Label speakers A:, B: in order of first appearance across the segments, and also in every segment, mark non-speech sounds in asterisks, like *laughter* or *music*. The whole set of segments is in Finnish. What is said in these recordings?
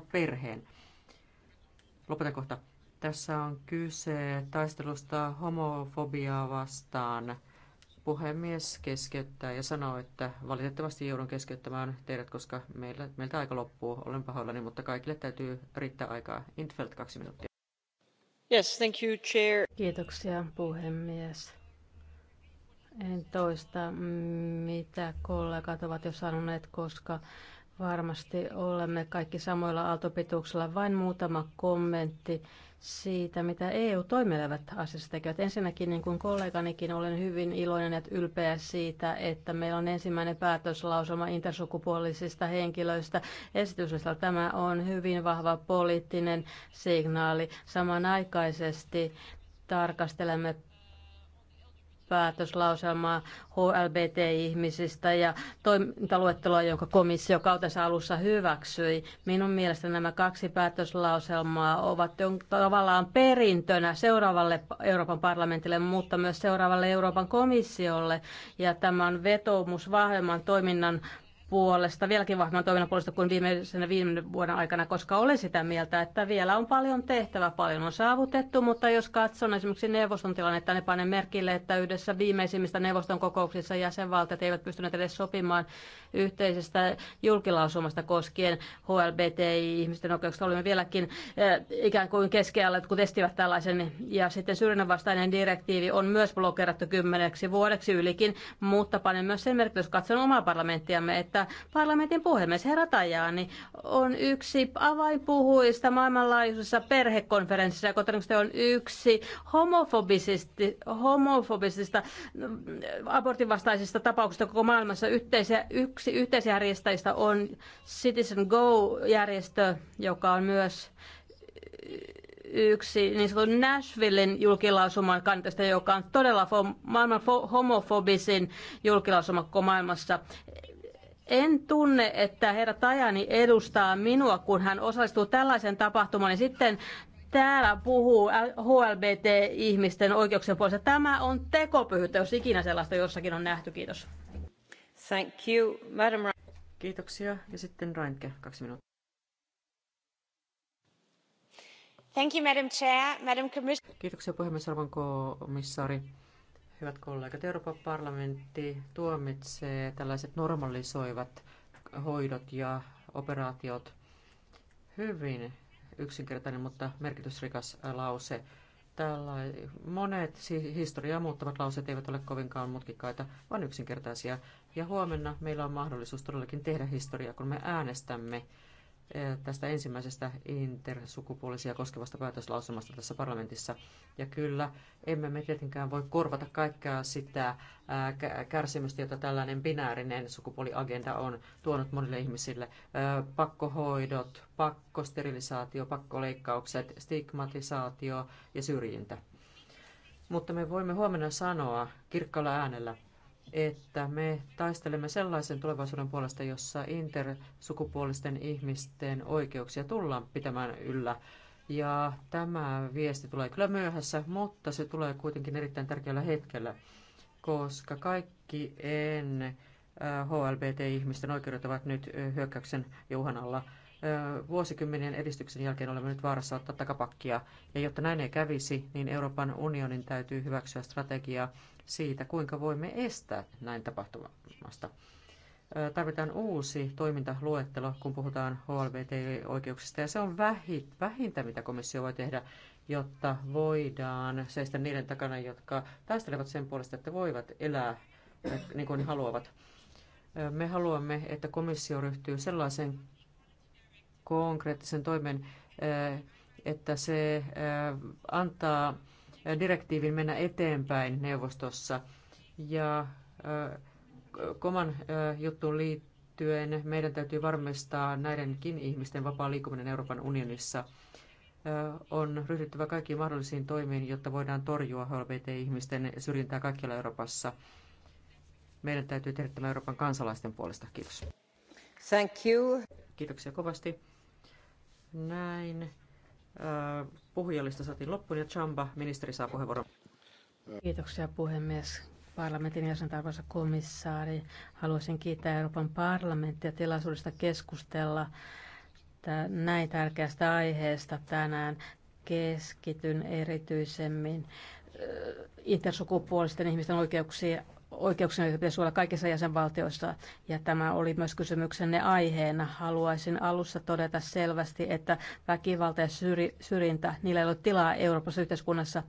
A: perheen. Lopetan kohta. Tässä on kyse taistelusta homofobiaa vastaan. Puhemies keskeyttää ja sanoo, että valitettavasti joudun keskeyttämään teidät, koska meillä, meiltä aika loppuu. Olen pahoillani, mutta kaikille täytyy riittää aikaa. Intfeld kaksi minuuttia. Yes, thank you, chair.
B: Kiitoksia, puhemies. En toista, mm, mitä kollegat ovat jo sanoneet, koska Varmasti olemme kaikki samoilla aaltopituuksilla. Vain muutama kommentti siitä, mitä EU-toimilevat asiassa tekevät. Ensinnäkin, niin kuin kolleganikin, olen hyvin iloinen ja ylpeä siitä, että meillä on ensimmäinen päätöslausuma intersukupuolisista henkilöistä. Esityslistalla tämä on hyvin vahva poliittinen signaali. Samanaikaisesti tarkastelemme päätöslauselmaa HLBT-ihmisistä ja toimintaluetteloa, jonka komissio kautensa alussa hyväksyi. Minun mielestä nämä kaksi päätöslauselmaa ovat tavallaan perintönä seuraavalle Euroopan parlamentille, mutta myös seuraavalle Euroopan komissiolle. Ja tämä on vetoomus vahvemman toiminnan puolesta, vieläkin vahvemman toiminnan puolesta kuin viimeisenä viime vuoden aikana, koska olen sitä mieltä, että vielä on paljon tehtävää, paljon on saavutettu, mutta jos katson esimerkiksi neuvoston tilannetta, niin panen merkille, että yhdessä viimeisimmistä neuvoston kokouksissa jäsenvaltiot eivät pystyneet edes sopimaan yhteisestä julkilausumasta koskien HLBTI-ihmisten oikeuksista. Olemme vieläkin eh, ikään kuin keskellä, kun testivät tällaisen, ja sitten syrjinnän vastainen direktiivi on myös blokerattu kymmeneksi vuodeksi ylikin, mutta panen myös sen merkitys, katson omaa parlamenttiamme, että parlamentin puhemies herra Tajani on yksi avainpuhuista maailmanlaajuisessa perhekonferenssissa, ja todennäköisesti on yksi homofobisista homofobisista mm, abortinvastaisista tapauksista koko maailmassa. Yhteisiä, yksi yhteisjärjestäjistä on Citizen Go-järjestö, joka on myös yksi niin sanotun Nashvillein julkilausuman kannattajista, joka on todella maailman homofobisin julkilausuma koko maailmassa. En tunne, että herra Tajani edustaa minua, kun hän osallistuu tällaisen tapahtumaan, niin sitten täällä puhuu HLBT-ihmisten oikeuksien puolesta. Tämä on tekopyhyyttä, jos ikinä sellaista jossakin on nähty. Kiitos.
A: Thank you, Madam Kiitoksia. Ja sitten Reinke, kaksi minuuttia. Thank you, Madam Chair, Madam Commissioner. Kiitoksia puhemies, arvon komissaari. Hyvät kollegat, Euroopan parlamentti tuomitsee tällaiset normalisoivat hoidot ja operaatiot. Hyvin yksinkertainen, mutta merkitysrikas lause. Tällä monet historiaa muuttavat lauseet eivät ole kovinkaan mutkikkaita, vaan yksinkertaisia. Ja huomenna meillä on mahdollisuus todellakin tehdä historiaa, kun me äänestämme Eh, tästä ensimmäisestä intersukupuolisia koskevasta päätöslausumasta tässä parlamentissa. Ja kyllä, emme me tietenkään voi korvata kaikkea sitä kärsimystä, jota tällainen binäärinen sukupuoliagenda on tuonut monille ihmisille. Pakkohoidot, pakkosterilisaatio, pakkoleikkaukset, stigmatisaatio ja syrjintä. Mutta me voimme huomenna sanoa kirkkaalla äänellä, että me taistelemme sellaisen tulevaisuuden puolesta, jossa intersukupuolisten ihmisten oikeuksia tullaan pitämään yllä. Ja tämä viesti tulee kyllä myöhässä, mutta se tulee kuitenkin erittäin tärkeällä hetkellä, koska kaikki en HLBT-ihmisten äh, oikeudet ovat nyt äh, hyökkäyksen juhan alla. Äh, vuosikymmenien edistyksen jälkeen olemme nyt vaarassa ottaa takapakkia, ja jotta näin ei kävisi, niin Euroopan unionin täytyy hyväksyä strategia, siitä, kuinka voimme estää näin tapahtumasta. Tarvitaan uusi toimintaluettelo, kun puhutaan HLBT-oikeuksista, ja se on vähintä, mitä komissio voi tehdä, jotta voidaan seistä niiden takana, jotka taistelevat sen puolesta, että voivat elää niin kuin haluavat. Me haluamme, että komissio ryhtyy sellaisen konkreettisen toimen, että se antaa direktiivin mennä eteenpäin neuvostossa. Ja koman juttuun liittyen meidän täytyy varmistaa näidenkin ihmisten vapaa liikkuminen Euroopan unionissa. On ryhdyttävä kaikkiin mahdollisiin toimiin, jotta voidaan torjua HLBT-ihmisten syrjintää kaikkialla Euroopassa. Meidän täytyy tehdä tämä Euroopan kansalaisten puolesta. Kiitos. Thank you. Kiitoksia kovasti. Näin Puhujalista saatiin loppuun ja Chamba, ministeri saa puheenvuoron.
B: Kiitoksia puhemies. Parlamentin jäsen arvoisa komissaari, haluaisin kiittää Euroopan parlamenttia tilaisuudesta keskustella näin tärkeästä aiheesta tänään. Keskityn erityisemmin intersukupuolisten ihmisten oikeuksiin. Oikeuksien joita pitäisi olla kaikissa jäsenvaltioissa, ja tämä oli myös kysymyksenne aiheena. Haluaisin alussa todeta selvästi, että väkivalta ja syrjintä, niillä ei ole tilaa Euroopassa yhteiskunnassa.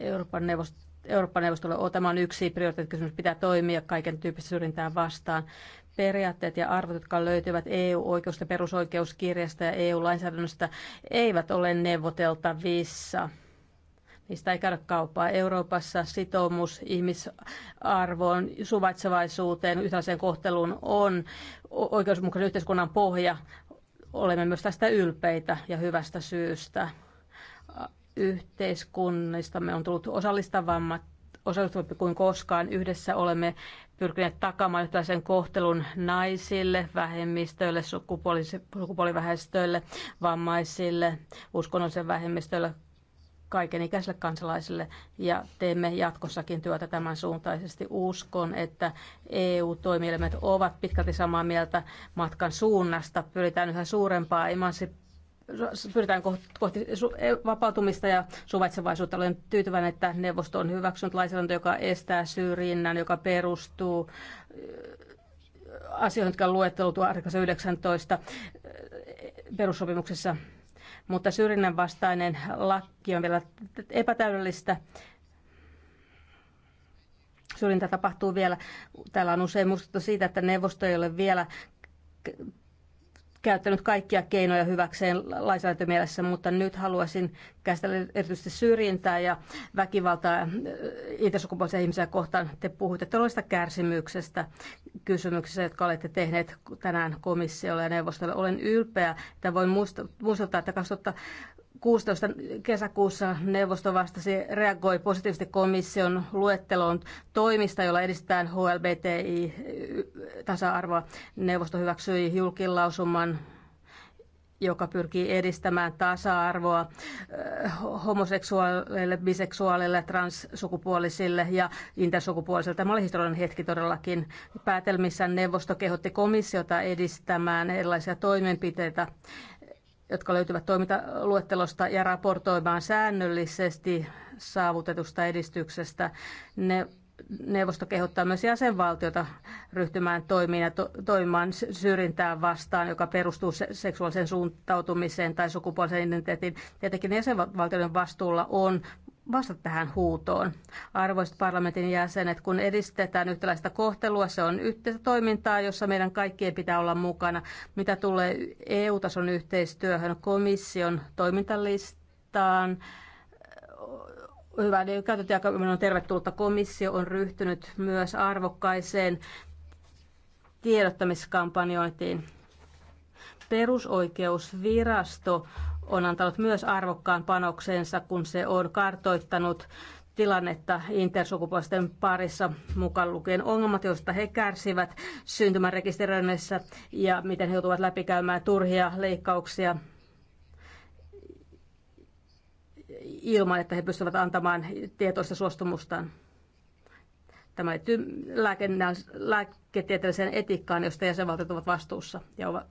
B: Euroopan neuvosto Euroopan neuvostolle on tämä on yksi prioriteettikysymys, pitää toimia kaiken tyyppistä syrjintää vastaan. Periaatteet ja arvot, jotka löytyvät EU-oikeusta, perusoikeuskirjasta ja EU-lainsäädännöstä, eivät ole neuvoteltavissa Niistä ei käydä kauppaa. Euroopassa sitoumus ihmisarvoon, suvaitsevaisuuteen, yhtäläiseen kohteluun on oikeusmukaisen yhteiskunnan pohja. Olemme myös tästä ylpeitä ja hyvästä syystä. Yhteiskunnistamme on tullut osallistavammat osallistuvampi kuin koskaan. Yhdessä olemme pyrkineet takaamaan yhtäläisen kohtelun naisille, vähemmistöille, sukupuoli, sukupuolivähemmistöille, vammaisille, uskonnollisen vähemmistöille, kaikenikäisille kansalaisille ja teemme jatkossakin työtä tämän suuntaisesti. Uskon, että EU-toimielimet ovat pitkälti samaa mieltä matkan suunnasta. Pyritään yhä suurempaa emansipaatiota pyritään kohti e-, vapautumista ja suvaitsevaisuutta. Olen tyytyväinen, että neuvosto on hyväksynyt lainsäädäntö, joka estää syrjinnän, joka perustuu asioihin, jotka on luettelut 19 perussopimuksessa mutta syrjinnän vastainen laki on vielä epätäydellistä. Syrjintä tapahtuu vielä. Täällä on usein muistuttu siitä, että neuvosto ei ole vielä käyttänyt kaikkia keinoja hyväkseen lainsäädäntömielessä, mutta nyt haluaisin käsitellä erityisesti syrjintää ja väkivaltaa äh, itäsukupuolisia ihmisiä kohtaan. Te puhuitte toista kärsimyksestä kysymyksessä, jotka olette tehneet tänään komissiolle ja neuvostolle. Olen ylpeä, että voin muistuttaa, että 2000 16. kesäkuussa neuvosto vastasi reagoi positiivisesti komission luetteloon toimista, jolla edistetään HLBTI-tasa-arvoa. Neuvosto hyväksyi julkilausuman joka pyrkii edistämään tasa-arvoa eh, homoseksuaaleille, biseksuaaleille, transsukupuolisille ja intersukupuolisille. Tämä oli historiallinen hetki todellakin. Päätelmissä neuvosto kehotti komissiota edistämään erilaisia toimenpiteitä jotka löytyvät toimintaluettelosta ja raportoimaan säännöllisesti saavutetusta edistyksestä. Ne neuvosto kehottaa myös jäsenvaltiota ryhtymään toimiin ja to, toimimaan syrjintää vastaan, joka perustuu se, seksuaaliseen suuntautumiseen tai sukupuoliseen identiteettiin. Tietenkin jäsenvaltioiden vastuulla on vastata tähän huutoon. Arvoisat parlamentin jäsenet, kun edistetään yhtäläistä kohtelua, se on yhteistä toimintaa, jossa meidän kaikkien pitää olla mukana. Mitä tulee EU-tason yhteistyöhön, komission toimintalistaan, hyvä käytetään on tervetullutta. Komissio on ryhtynyt myös arvokkaiseen tiedottamiskampanjointiin. Perusoikeusvirasto on antanut myös arvokkaan panoksensa, kun se on kartoittanut tilannetta intersukupuolisten parissa mukaan lukien ongelmat, joista he kärsivät syntymärekisteröinnissä ja miten he joutuvat läpikäymään turhia leikkauksia ilman, että he pystyvät antamaan tietoista suostumustaan. Tämä liittyy lääketieteelliseen etiikkaan, josta jäsenvaltiot ovat vastuussa ja ovat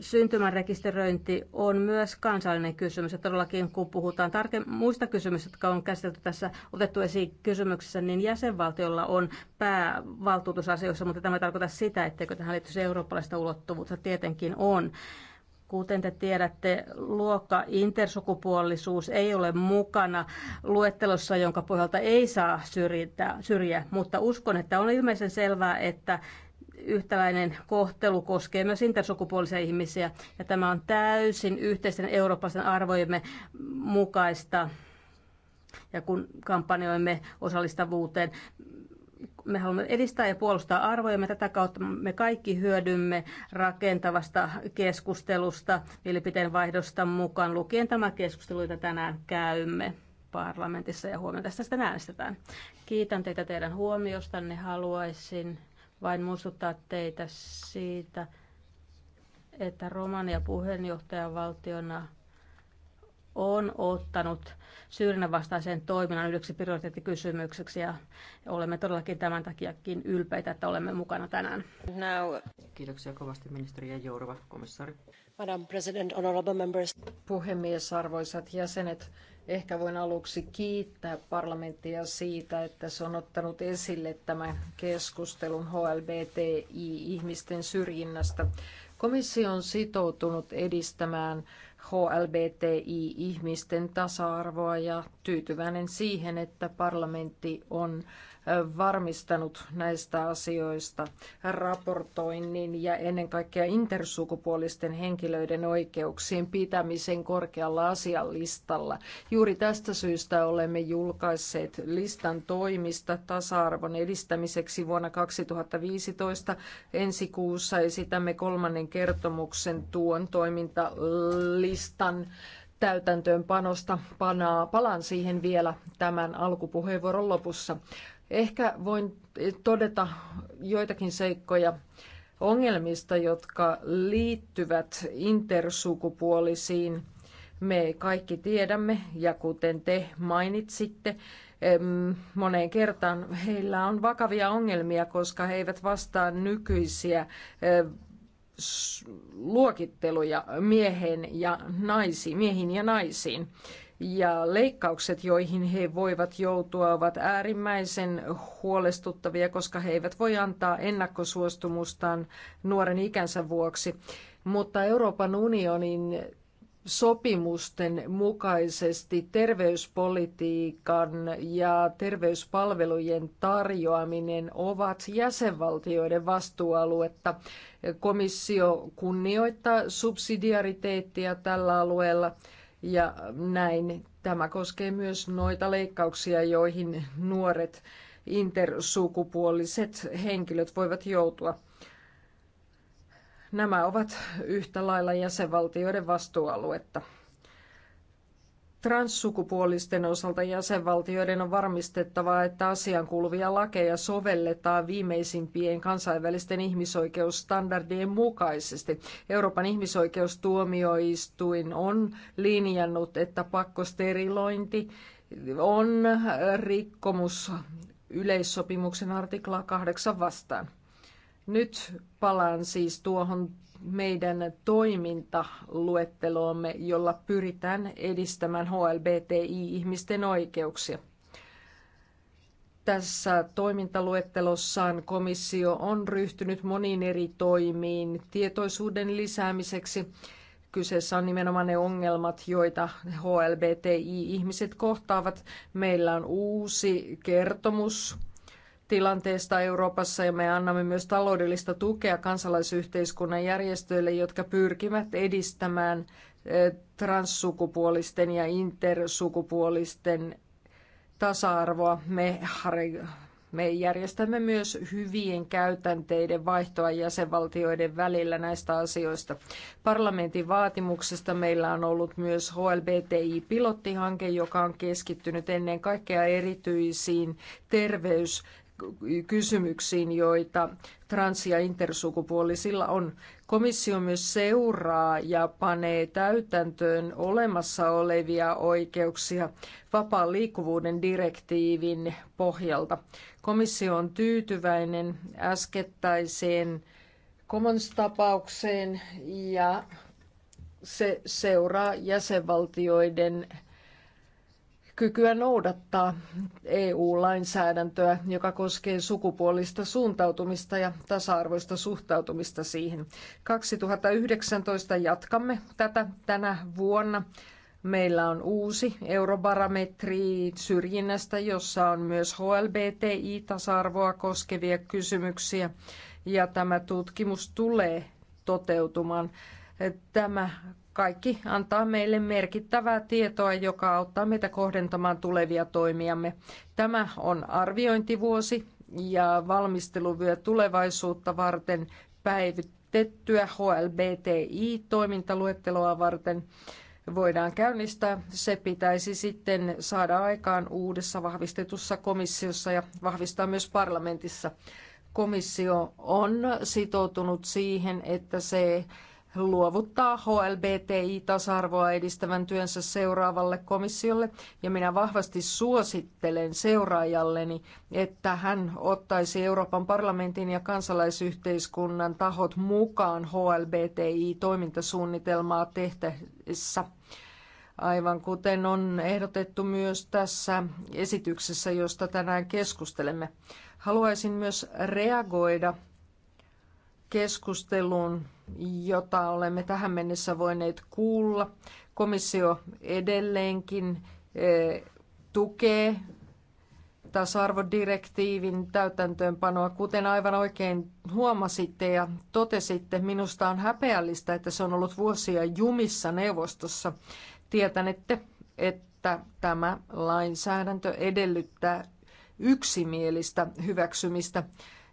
B: syntymärekisteröinti on myös kansallinen kysymys. Ja todellakin, kun puhutaan tarke- muista kysymyksistä, jotka on käsitelty tässä otettu esiin kysymyksessä, niin jäsenvaltiolla on päävaltuutusasioissa, mutta tämä tarkoittaa sitä, etteikö tähän liittyisi eurooppalaista ulottuvuutta. Tietenkin on. Kuten te tiedätte, luokka intersukupuolisuus ei ole mukana luettelossa, jonka pohjalta ei saa syrjitä, syrjiä, mutta uskon, että on ilmeisen selvää, että yhtäläinen kohtelu koskee myös intersukupuolisia ihmisiä, ja tämä on täysin yhteisten eurooppalaisten arvojemme mukaista. Ja kun kampanjoimme osallistavuuteen, me haluamme edistää ja puolustaa arvojamme. Tätä kautta me kaikki hyödymme rakentavasta keskustelusta, mielipiteen vaihdosta mukaan lukien tämä keskustelu, jota tänään käymme parlamentissa ja huomenna tästä sitten äänestetään. Kiitän teitä teidän huomiostanne. Haluaisin vain muistuttaa teitä siitä, että Romania puheenjohtajavaltiona on ottanut syrjinnän vastaisen toiminnan yhdeksi prioriteettikysymykseksi ja olemme todellakin tämän takiakin ylpeitä, että olemme mukana tänään.
A: Now. Kiitoksia kovasti ministeri ja Jourova, komissaari.
C: Madam President, honorable members. Puhemies, arvoisat jäsenet. Ehkä voin aluksi kiittää parlamenttia siitä, että se on ottanut esille tämän keskustelun HLBTI-ihmisten syrjinnästä. Komissio on sitoutunut edistämään HLBTI-ihmisten tasa-arvoa ja tyytyväinen siihen, että parlamentti on varmistanut näistä asioista raportoinnin ja ennen kaikkea intersukupuolisten henkilöiden oikeuksien pitämisen korkealla asialistalla. Juuri tästä syystä olemme julkaisseet listan toimista tasa-arvon edistämiseksi vuonna 2015. Ensi kuussa esitämme kolmannen kertomuksen tuon toimintalistan täytäntöönpanosta. Panaa, palaan siihen vielä tämän alkupuheenvuoron lopussa. Ehkä voin todeta joitakin seikkoja ongelmista, jotka liittyvät intersukupuolisiin. Me kaikki tiedämme, ja kuten te mainitsitte, moneen kertaan heillä on vakavia ongelmia, koska he eivät vastaa nykyisiä luokitteluja miehen ja naisi, miehiin ja naisiin ja leikkaukset, joihin he voivat joutua, ovat äärimmäisen huolestuttavia, koska he eivät voi antaa ennakkosuostumustaan nuoren ikänsä vuoksi. Mutta Euroopan unionin sopimusten mukaisesti terveyspolitiikan ja terveyspalvelujen tarjoaminen ovat jäsenvaltioiden vastuualuetta. Komissio kunnioittaa subsidiariteettia tällä alueella ja näin tämä koskee myös noita leikkauksia, joihin nuoret intersukupuoliset henkilöt voivat joutua. Nämä ovat yhtä lailla jäsenvaltioiden vastuualuetta. Transsukupuolisten osalta jäsenvaltioiden on varmistettava, että asian kuuluvia lakeja sovelletaan viimeisimpien kansainvälisten ihmisoikeusstandardien mukaisesti. Euroopan ihmisoikeustuomioistuin on linjannut, että pakkosterilointi on rikkomus yleissopimuksen artiklaa 8 vastaan. Nyt palaan siis tuohon meidän toimintaluetteloomme, jolla pyritään edistämään HLBTI-ihmisten oikeuksia. Tässä toimintaluettelossaan komissio on ryhtynyt moniin eri toimiin tietoisuuden lisäämiseksi. Kyseessä on nimenomaan ne ongelmat, joita HLBTI-ihmiset kohtaavat. Meillä on uusi kertomus tilanteesta Euroopassa ja me annamme myös taloudellista tukea kansalaisyhteiskunnan järjestöille, jotka pyrkivät edistämään transsukupuolisten ja intersukupuolisten tasa-arvoa. Me, me järjestämme myös hyvien käytänteiden vaihtoa jäsenvaltioiden välillä näistä asioista. Parlamentin vaatimuksesta meillä on ollut myös HLBTI-pilottihanke, joka on keskittynyt ennen kaikkea erityisiin terveys- kysymyksiin, joita trans- ja intersukupuolisilla on. Komissio myös seuraa ja panee täytäntöön olemassa olevia oikeuksia vapaan liikkuvuuden direktiivin pohjalta. Komissio on tyytyväinen äskettäiseen Commons-tapaukseen ja se seuraa jäsenvaltioiden kykyä noudattaa EU-lainsäädäntöä, joka koskee sukupuolista suuntautumista ja tasa-arvoista suhtautumista siihen. 2019 jatkamme tätä tänä vuonna. Meillä on uusi eurobarometri syrjinnästä, jossa on myös HLBTI-tasa-arvoa koskevia kysymyksiä. Ja tämä tutkimus tulee toteutumaan. Tämä kaikki antaa meille merkittävää tietoa, joka auttaa meitä kohdentamaan tulevia toimiamme. Tämä on arviointivuosi ja valmisteluvyö tulevaisuutta varten päivitettyä HLBTI-toimintaluetteloa varten voidaan käynnistää. Se pitäisi sitten saada aikaan uudessa vahvistetussa komissiossa ja vahvistaa myös parlamentissa. Komissio on sitoutunut siihen, että se luovuttaa HLBTI-tasa-arvoa edistävän työnsä seuraavalle komissiolle, ja minä vahvasti suosittelen seuraajalleni, että hän ottaisi Euroopan parlamentin ja kansalaisyhteiskunnan tahot mukaan HLBTI-toimintasuunnitelmaa tehtäessä aivan kuten on ehdotettu myös tässä esityksessä, josta tänään keskustelemme. Haluaisin myös reagoida keskusteluun, jota olemme tähän mennessä voineet kuulla. Komissio edelleenkin e, tukee tasa-arvodirektiivin täytäntöönpanoa, kuten aivan oikein huomasitte ja totesitte. Minusta on häpeällistä, että se on ollut vuosia jumissa neuvostossa. Tietänette, että tämä lainsäädäntö edellyttää yksimielistä hyväksymistä.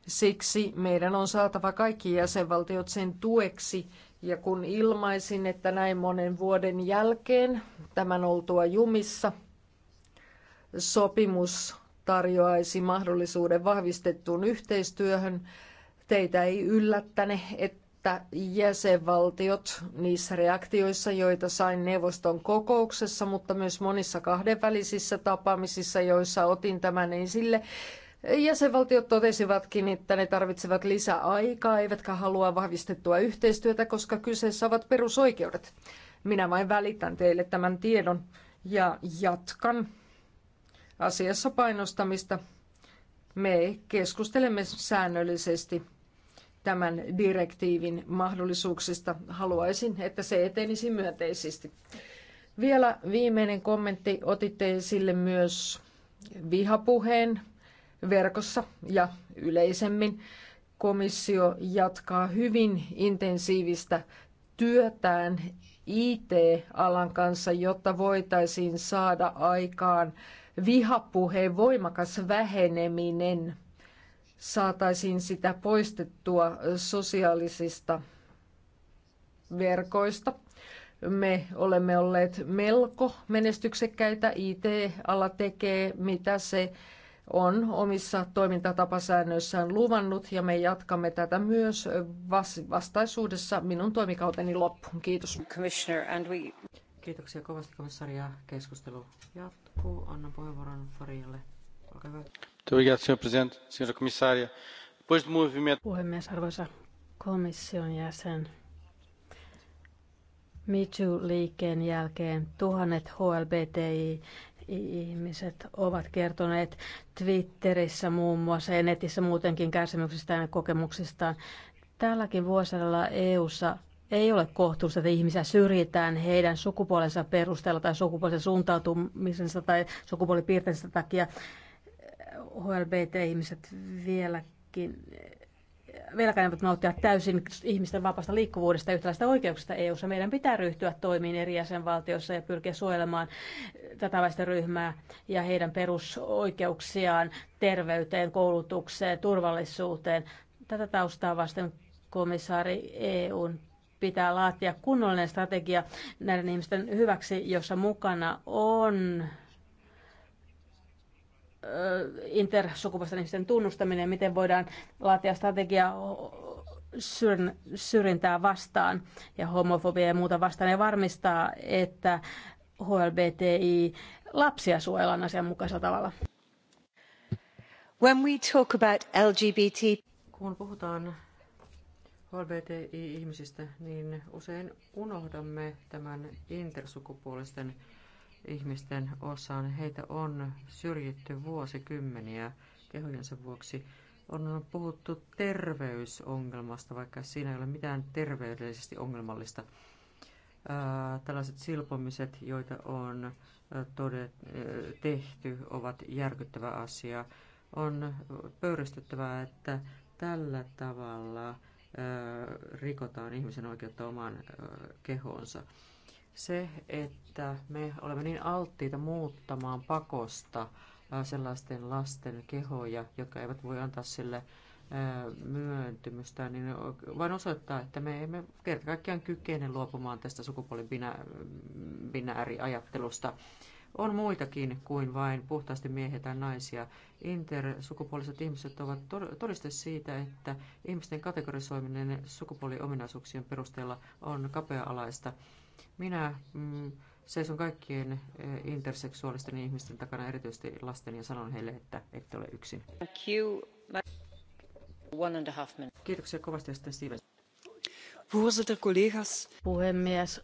C: Siksi meidän on saatava kaikki jäsenvaltiot sen tueksi ja kun ilmaisin, että näin monen vuoden jälkeen tämän oltua jumissa, sopimus tarjoaisi mahdollisuuden vahvistettuun yhteistyöhön, teitä ei yllättäne, että jäsenvaltiot niissä reaktioissa, joita sain neuvoston kokouksessa, mutta myös monissa kahdenvälisissä tapaamisissa, joissa otin tämän esille, Jäsenvaltiot totesivatkin, että ne tarvitsevat lisäaikaa, eivätkä halua vahvistettua yhteistyötä, koska kyseessä ovat perusoikeudet. Minä vain välitän teille tämän tiedon ja jatkan asiassa painostamista. Me keskustelemme säännöllisesti tämän direktiivin mahdollisuuksista. Haluaisin, että se etenisi myönteisesti. Vielä viimeinen kommentti. Otitte esille myös vihapuheen verkossa ja yleisemmin. Komissio jatkaa hyvin intensiivistä työtään IT-alan kanssa, jotta voitaisiin saada aikaan vihapuheen voimakas väheneminen. Saataisiin sitä poistettua sosiaalisista verkoista. Me olemme olleet melko menestyksekkäitä. IT-ala tekee, mitä se on omissa toimintatapasäännöissään luvannut ja me jatkamme tätä myös vastaisuudessa minun toimikauteni loppuun. Kiitos. Kiitoksia kovasti
A: komissaari ja keskustelu jatkuu. Annan puheenvuoron Farialle. Olkaa hyvä. Puhemies, arvoisa komission
B: jäsen. MeToo-liikkeen jälkeen tuhannet HLBTI Ihmiset ovat kertoneet Twitterissä muun muassa ja netissä muutenkin kärsimyksistään ja kokemuksistaan. Tälläkin vuosilla EU:ssa ei ole kohtuus, että ihmisiä syrjitään heidän sukupuolensa perusteella tai sukupuolisen suuntautumisensa tai sukupuolipiirteensä takia. HLBT-ihmiset vieläkin velkään eivät nauttia täysin ihmisten vapaasta liikkuvuudesta ja yhtäläistä oikeuksista eu Meidän pitää ryhtyä toimiin eri jäsenvaltioissa ja pyrkiä suojelemaan tätä väestön ryhmää ja heidän perusoikeuksiaan terveyteen, koulutukseen, turvallisuuteen. Tätä taustaa vasten komissaari EUn pitää laatia kunnollinen strategia näiden ihmisten hyväksi, jossa mukana on intersukupuolisten ihmisten tunnustaminen, miten voidaan laatia strategia syrjintää vastaan ja homofobia ja muuta vastaan ja varmistaa, että HLBTI lapsia suojellaan asianmukaisella tavalla.
A: When we talk about LGBT... Kun puhutaan HLBTI-ihmisistä, niin usein unohdamme tämän intersukupuolisten ihmisten osaan. Heitä on syrjitty vuosikymmeniä kehojensa vuoksi. On puhuttu terveysongelmasta, vaikka siinä ei ole mitään terveydellisesti ongelmallista. Tällaiset silpomiset, joita on todet, tehty, ovat järkyttävä asia. On pöyristyttävää, että tällä tavalla rikotaan ihmisen oikeutta omaan kehoonsa. Se, että me olemme niin alttiita muuttamaan pakosta sellaisten lasten kehoja, jotka eivät voi antaa sille myöntymystä, niin vain osoittaa, että me emme kerta kaikkiaan kykene luopumaan tästä binääriajattelusta. On muitakin kuin vain puhtaasti miehiä tai naisia. Intersukupuoliset ihmiset ovat todiste siitä, että ihmisten kategorisoiminen sukupuoliominaisuuksien perusteella on kapea-alaista. Minä mm, seison kaikkien eh, interseksuaalisten ihmisten takana, erityisesti lasten, ja sanon heille, että ette ole yksin. Kiitoksia kovasti, ja sitten Steven.
B: Puhemies,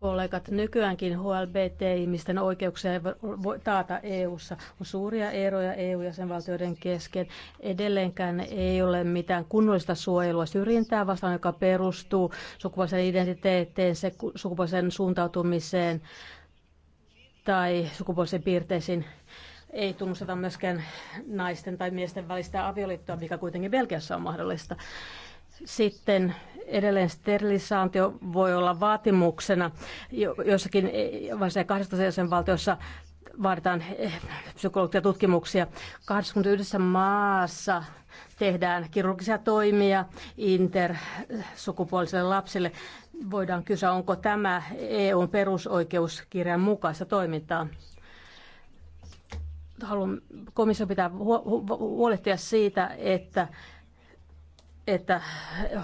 B: Kollegat, nykyäänkin HLBT-ihmisten oikeuksia ei voi taata EU-ssa. On suuria eroja EU-jäsenvaltioiden kesken. Edelleenkään ei ole mitään kunnollista suojelua syrjintää vastaan, joka perustuu sukupuolisen identiteettiin, sukupuolisen suuntautumiseen tai sukupuolisen piirteisiin ei tunnusteta myöskään naisten tai miesten välistä avioliittoa, mikä kuitenkin Belgiassa on mahdollista. Sitten edelleen sterilisaatio voi olla vaatimuksena jossakin varsinkin 12 jäsenvaltiossa vaaditaan eh, psykologisia tutkimuksia. 21 maassa tehdään kirurgisia toimia intersukupuolisille lapsille. Voidaan kysyä, onko tämä EUn perusoikeuskirjan mukaista toimintaa. Haluan komissio pitää huolehtia siitä, että että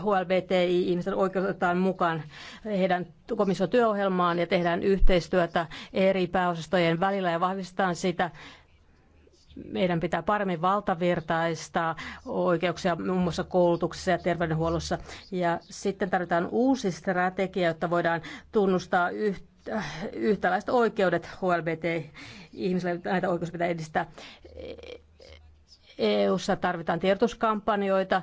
B: HLBTI-ihmisten oikeus otetaan mukaan heidän komission työohjelmaan ja tehdään yhteistyötä eri pääosastojen välillä ja vahvistetaan sitä. Meidän pitää paremmin valtavirtaistaa oikeuksia muun mm. muassa koulutuksessa ja terveydenhuollossa. Ja sitten tarvitaan uusi strategia, jotta voidaan tunnustaa äh, yhtäläiset oikeudet HLBT-ihmisille, näitä oikeuksia pitää edistää. EU-ssa tarvitaan tiedotuskampanjoita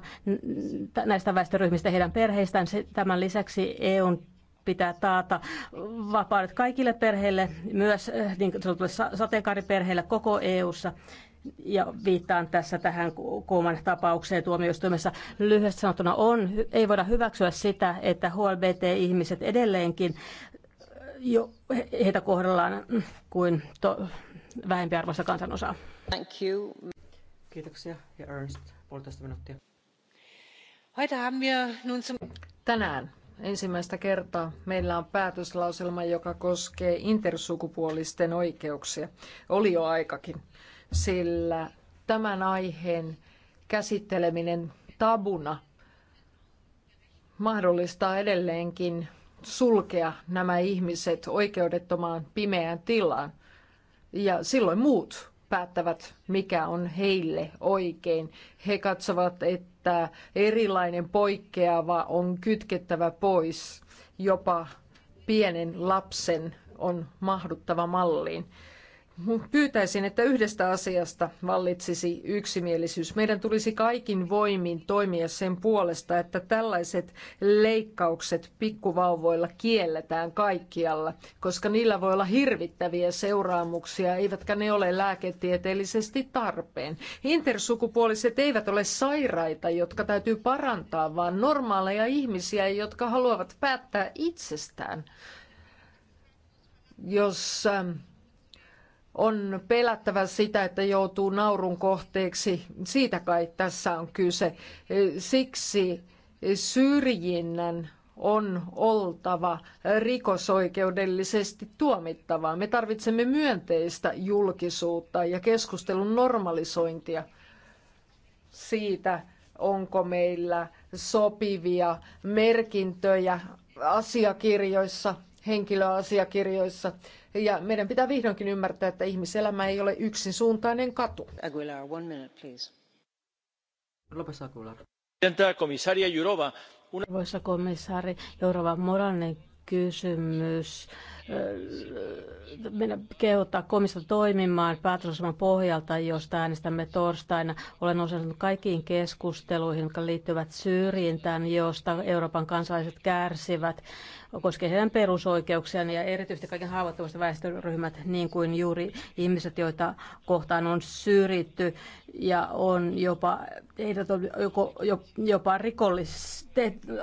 B: näistä väestöryhmistä ja heidän perheistään. Tämän lisäksi EUn pitää taata vapaudet kaikille perheille, myös eh, niin sateenkaariperheille koko EU-ssa. ja viittaan tässä tähän kuuman tapaukseen tuomioistuimessa. Lyhyesti sanottuna on, ei voida hyväksyä sitä, että HLBT-ihmiset edelleenkin eh, jo heitä kohdellaan kuin to, vähempiarvoista kansanosaa.
A: Thank you. Kiitoksia. Ja Ernst, puolitoista minuuttia.
C: Tänään ensimmäistä kertaa meillä on päätöslauselma, joka koskee intersukupuolisten oikeuksia. Oli jo aikakin, sillä tämän aiheen käsitteleminen tabuna mahdollistaa edelleenkin sulkea nämä ihmiset oikeudettomaan pimeään tilaan. Ja silloin muut päättävät, mikä on heille oikein. He katsovat, että erilainen poikkeava on kytkettävä pois. Jopa pienen lapsen on mahduttava malliin. Pyytäisin, että yhdestä asiasta vallitsisi yksimielisyys. Meidän tulisi kaikin voimin toimia sen puolesta, että tällaiset leikkaukset pikkuvauvoilla kielletään kaikkialla, koska niillä voi olla hirvittäviä seuraamuksia, eivätkä ne ole lääketieteellisesti tarpeen. Intersukupuoliset eivät ole sairaita, jotka täytyy parantaa, vaan normaaleja ihmisiä, jotka haluavat päättää itsestään. Jos ähm, on pelättävä sitä, että joutuu naurun kohteeksi. Siitä kai tässä on kyse. Siksi syrjinnän on oltava rikosoikeudellisesti tuomittavaa. Me tarvitsemme myönteistä julkisuutta ja keskustelun normalisointia siitä, onko meillä sopivia merkintöjä asiakirjoissa henkilöasiakirjoissa. Ja meidän pitää vihdoinkin ymmärtää, että ihmiselämä ei ole suuntainen katu.
A: Aguilar, one minute, please. Lopes Aguilar. Komissaria Jurova.
B: Arvoisa komissaari Jourova, moraalinen kysymys. Minä kehottaa komista toimimaan päätöslauselman pohjalta, josta äänestämme torstaina. Olen osallistunut kaikkiin keskusteluihin, jotka liittyvät syrjintään, josta Euroopan kansalaiset kärsivät koskee heidän perusoikeuksiaan ja erityisesti kaiken haavoittuvasti väestöryhmät, niin kuin juuri ihmiset, joita kohtaan on syrjitty ja on jopa, heidät on joko, jopa rikollis,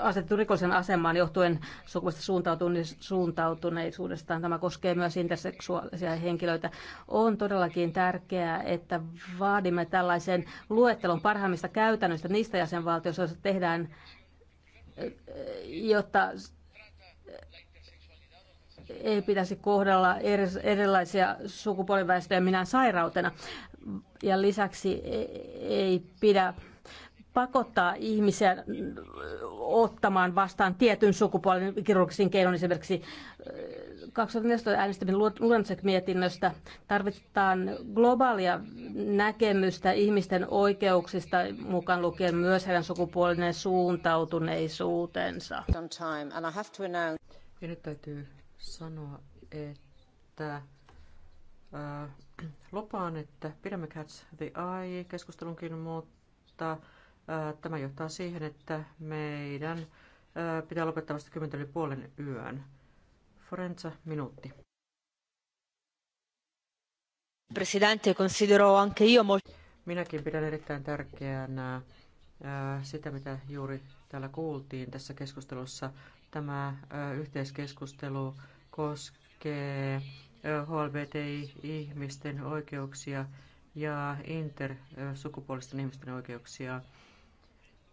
B: asetettu rikollisen asemaan johtuen sukupuolesta suuntautuneisuudestaan. Tämä koskee myös interseksuaalisia henkilöitä. On todellakin tärkeää, että vaadimme tällaisen luettelon parhaimmista käytännöistä niistä jäsenvaltioista, joissa tehdään jotta ei pitäisi kohdella erilaisia sukupuoliväestöjä minä sairautena. Ja lisäksi e, ei pidä pakottaa ihmisiä ottamaan vastaan tietyn sukupuolen kirurgisin keinon esimerkiksi 2014 äänestäminen Lunacek-mietinnöstä tarvitaan globaalia näkemystä ihmisten oikeuksista, mukaan lukien myös heidän sukupuolinen suuntautuneisuutensa.
A: Ja nyt täytyy sanoa, että äh, lopaan, *clears throat* että pidämme Catch the Eye-keskustelunkin, mutta äh, tämä johtaa siihen, että meidän äh, pitää lopettaa vasta 10 yli puolen yön. Forenza, minuutti. Presidente, considero anche io molto... Minäkin pidän erittäin tärkeänä sitä, mitä juuri täällä kuultiin tässä keskustelussa. Tämä yhteiskeskustelu koskee HLBTI-ihmisten oikeuksia ja intersukupuolisten ihmisten oikeuksia.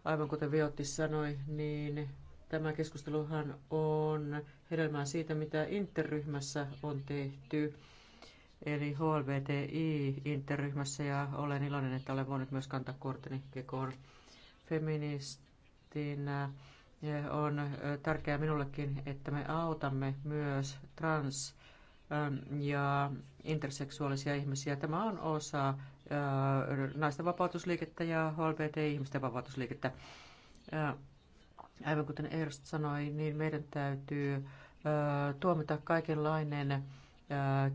A: Aivan kuten Viotti sanoi, niin tämä keskusteluhan on hedelmää siitä, mitä interryhmässä on tehty, eli HLBTI-interryhmässä, ja olen iloinen, että olen voinut myös kantaa korteni kekoon feministinä. On tärkeää minullekin, että me autamme myös trans- ja interseksuaalisia ihmisiä. Tämä on osa naisten vapautusliikettä ja HLBT-ihmisten vapautusliikettä. Aivan kuten Erst sanoi, niin meidän täytyy tuomita kaikenlainen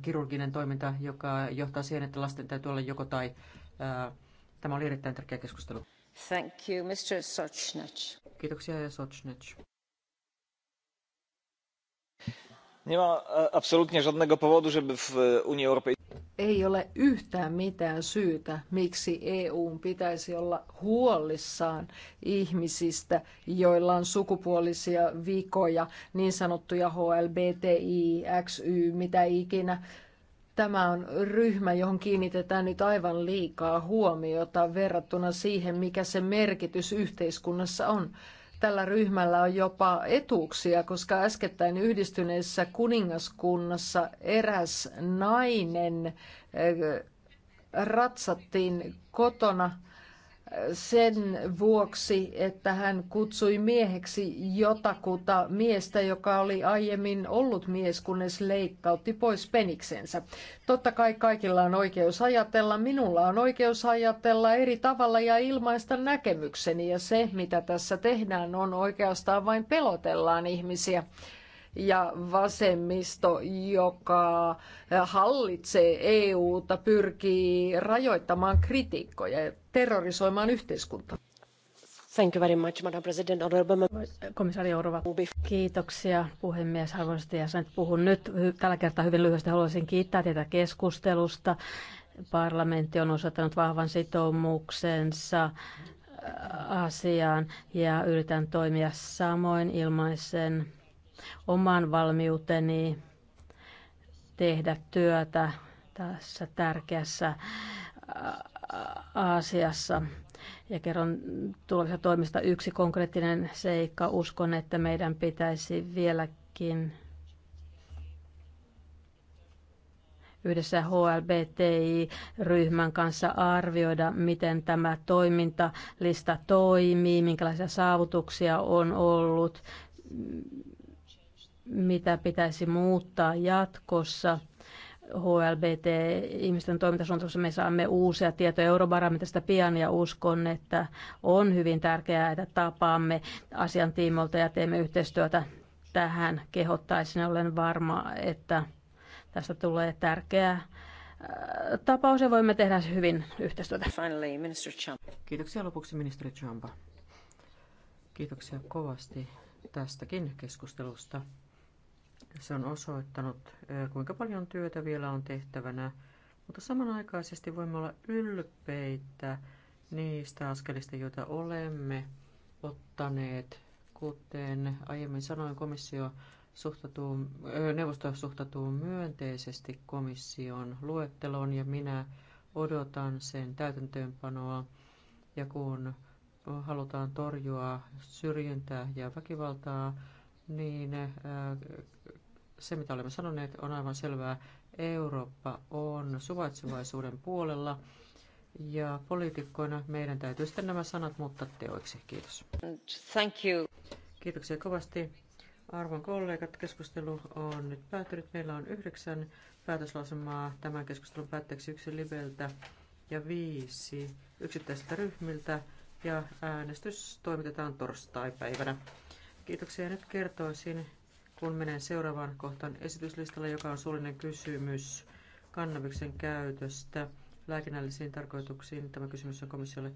A: kirurginen toiminta, joka johtaa siihen, että lasten täytyy olla joko tai. Tämä oli erittäin tärkeä keskustelu.
C: Thank you, Mr. Sochnich.
A: Kiitoksia ja Sochnich.
C: Nie ma e, absolutnie żadnego powodu, żeby w Unii Europejskiej ei ole yhtään mitään syytä, miksi EUn pitäisi olla huolissaan ihmisistä, joilla on sukupuolisia vikoja, niin sanottuja HLBTI, XY, mitä ikinä. Tämä on ryhmä, johon kiinnitetään nyt aivan liikaa huomiota verrattuna siihen, mikä se merkitys yhteiskunnassa on tällä ryhmällä on jopa etuuksia, koska äskettäin yhdistyneessä kuningaskunnassa eräs nainen eh, ratsattiin kotona sen vuoksi, että hän kutsui mieheksi jotakuta miestä, joka oli aiemmin ollut mies, kunnes leikkautti pois peniksensä. Totta kai kaikilla on oikeus ajatella, minulla on oikeus ajatella eri tavalla ja ilmaista näkemykseni, ja se, mitä tässä tehdään, on oikeastaan vain pelotellaan ihmisiä ja vasemmisto, joka eh, hallitsee EUta, pyrkii rajoittamaan kritiikkoja ja terrorisoimaan yhteiskuntaa. Thank you very much, Madam President.
B: Komissaari Jourova. Kiitoksia puhemies, arvoisat jäsenet. Puhun nyt tällä kertaa hyvin lyhyesti. Haluaisin kiittää teitä keskustelusta. Parlamentti on osoittanut vahvan sitoumuksensa äh, asiaan ja yritän toimia samoin ilmaisen oman valmiuteni tehdä työtä tässä tärkeässä asiassa. Ja kerron tulevista toimista yksi konkreettinen seikka. Uskon, että meidän pitäisi vieläkin yhdessä HLBTI-ryhmän kanssa arvioida, miten tämä toimintalista toimii, minkälaisia saavutuksia on ollut, mitä pitäisi muuttaa jatkossa. HLBT-ihmisten toimintasuunnitelmassa me saamme uusia tietoja eurobarometrista pian ja uskon, että on hyvin tärkeää, että tapaamme asiantiimolta ja teemme yhteistyötä tähän. Kehottaisin, olen varma, että tästä tulee tärkeä äh, tapaus ja voimme tehdä hyvin yhteistyötä.
A: Finally, Minister Kiitoksia lopuksi ministeri Chamba. Kiitoksia kovasti tästäkin keskustelusta. Se on osoittanut, kuinka paljon työtä vielä on tehtävänä, mutta samanaikaisesti voimme olla ylpeitä niistä askelista, joita olemme ottaneet. Kuten aiemmin sanoin, komissio suhtautuu, neuvosto suhtautuu myönteisesti komission luetteloon ja minä odotan sen täytäntöönpanoa. Ja kun halutaan torjua syrjintää ja väkivaltaa, niin se, mitä olemme sanoneet, on aivan selvää. Eurooppa on suvaitsevaisuuden puolella ja poliitikkoina meidän täytyy sitten nämä sanat muuttaa teoiksi. Kiitos. Thank you. Kiitoksia kovasti. Arvon kollegat, keskustelu on nyt päättynyt. Meillä on yhdeksän päätöslausumaa tämän keskustelun päätteeksi yksi libeltä ja viisi yksittäisiltä ryhmiltä ja äänestys toimitetaan torstai-päivänä. Kiitoksia. Nyt kertoisin kun menen seuraavaan kohtaan esityslistalla, joka on suullinen kysymys kannabiksen käytöstä lääkinnällisiin tarkoituksiin. Tämä kysymys on komissiolle.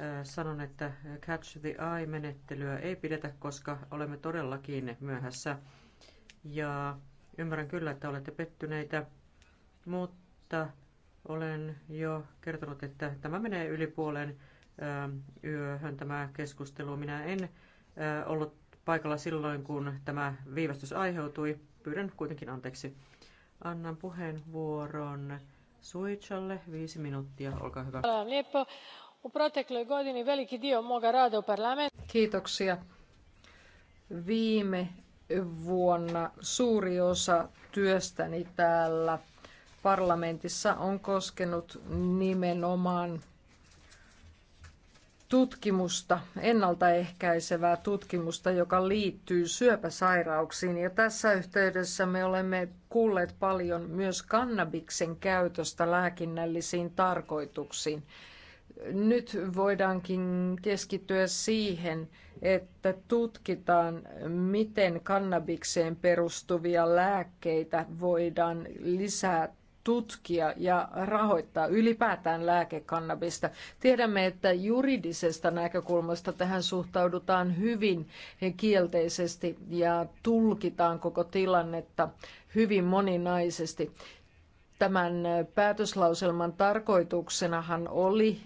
A: Äh, sanon, että catch the eye-menettelyä ei pidetä, koska olemme todellakin myöhässä. Ja ymmärrän kyllä, että olette pettyneitä, mutta olen jo kertonut, että tämä menee yli puolen äh, yöhön tämä keskustelu. Minä en äh, ollut paikalla silloin, kun tämä viivästys aiheutui. Pyydän kuitenkin anteeksi. Annan puheenvuoron Suicalle. Viisi minuuttia, olkaa hyvä. dio
C: Kiitoksia. Viime vuonna suuri osa työstäni täällä parlamentissa on koskenut nimenomaan tutkimusta, ennaltaehkäisevää tutkimusta, joka liittyy syöpäsairauksiin. Ja tässä yhteydessä me olemme kuulleet paljon myös kannabiksen käytöstä lääkinnällisiin tarkoituksiin. Nyt voidaankin keskittyä siihen, että tutkitaan, miten kannabikseen perustuvia lääkkeitä voidaan lisää tutkia ja rahoittaa ylipäätään lääkekannabista. Tiedämme, että juridisesta näkökulmasta tähän suhtaudutaan hyvin kielteisesti ja tulkitaan koko tilannetta hyvin moninaisesti. Tämän päätöslauselman tarkoituksenahan oli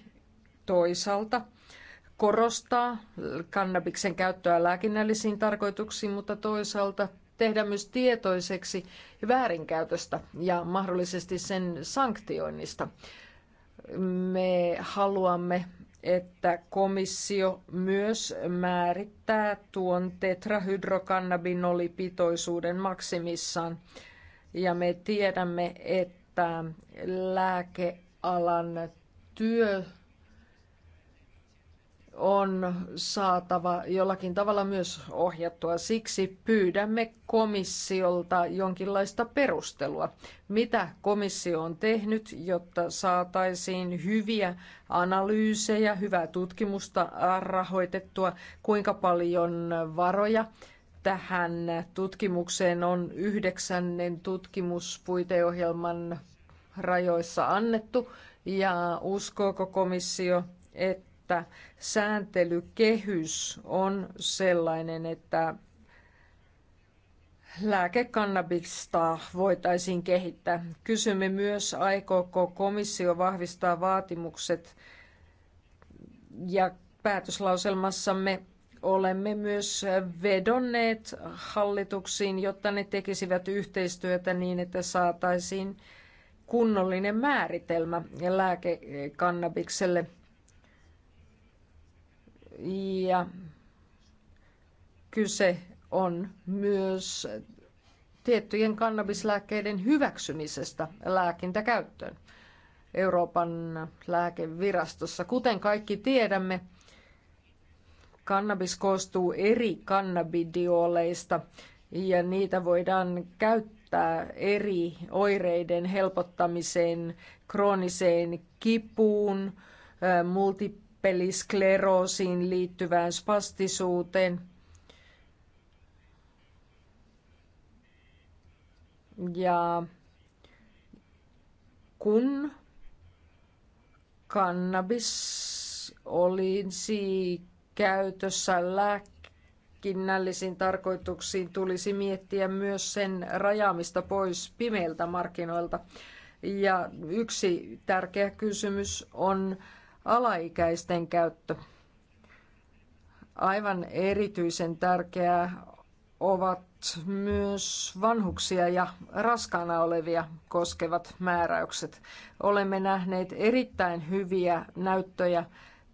C: toisaalta korostaa kannabiksen käyttöä lääkinnällisiin tarkoituksiin, mutta toisaalta tehdä myös tietoiseksi väärinkäytöstä ja mahdollisesti sen sanktioinnista. Me haluamme, että komissio myös määrittää tuon tetrahydrokannabinolipitoisuuden maksimissaan. Ja me tiedämme, että lääkealan työ on saatava jollakin tavalla myös ohjattua. Siksi pyydämme komissiolta jonkinlaista perustelua, mitä komissio on tehnyt, jotta saataisiin hyviä analyysejä, hyvää tutkimusta rahoitettua, kuinka paljon varoja tähän tutkimukseen on yhdeksännen tutkimuspuiteohjelman rajoissa annettu ja uskooko komissio, että että sääntelykehys on sellainen, että lääkekannabista voitaisiin kehittää. Kysymme myös, aikooko komissio vahvistaa vaatimukset ja päätöslauselmassamme olemme myös vedonneet hallituksiin, jotta ne tekisivät yhteistyötä niin, että saataisiin kunnollinen määritelmä lääkekannabikselle – ja kyse on myös tiettyjen kannabislääkkeiden hyväksymisestä lääkintäkäyttöön Euroopan lääkevirastossa. Kuten kaikki tiedämme, kannabis koostuu eri kannabidioleista ja niitä voidaan käyttää eri oireiden helpottamiseen, krooniseen kipuun, multi nippeliskleroosiin liittyvään spastisuuteen. Ja kun kannabis olisi käytössä lääkinnällisiin tarkoituksiin, tulisi miettiä myös sen rajaamista pois pimeiltä markkinoilta. Ja yksi tärkeä kysymys on alaikäisten käyttö. Aivan erityisen tärkeää ovat myös vanhuksia ja raskaana olevia koskevat määräykset. Olemme nähneet erittäin hyviä näyttöjä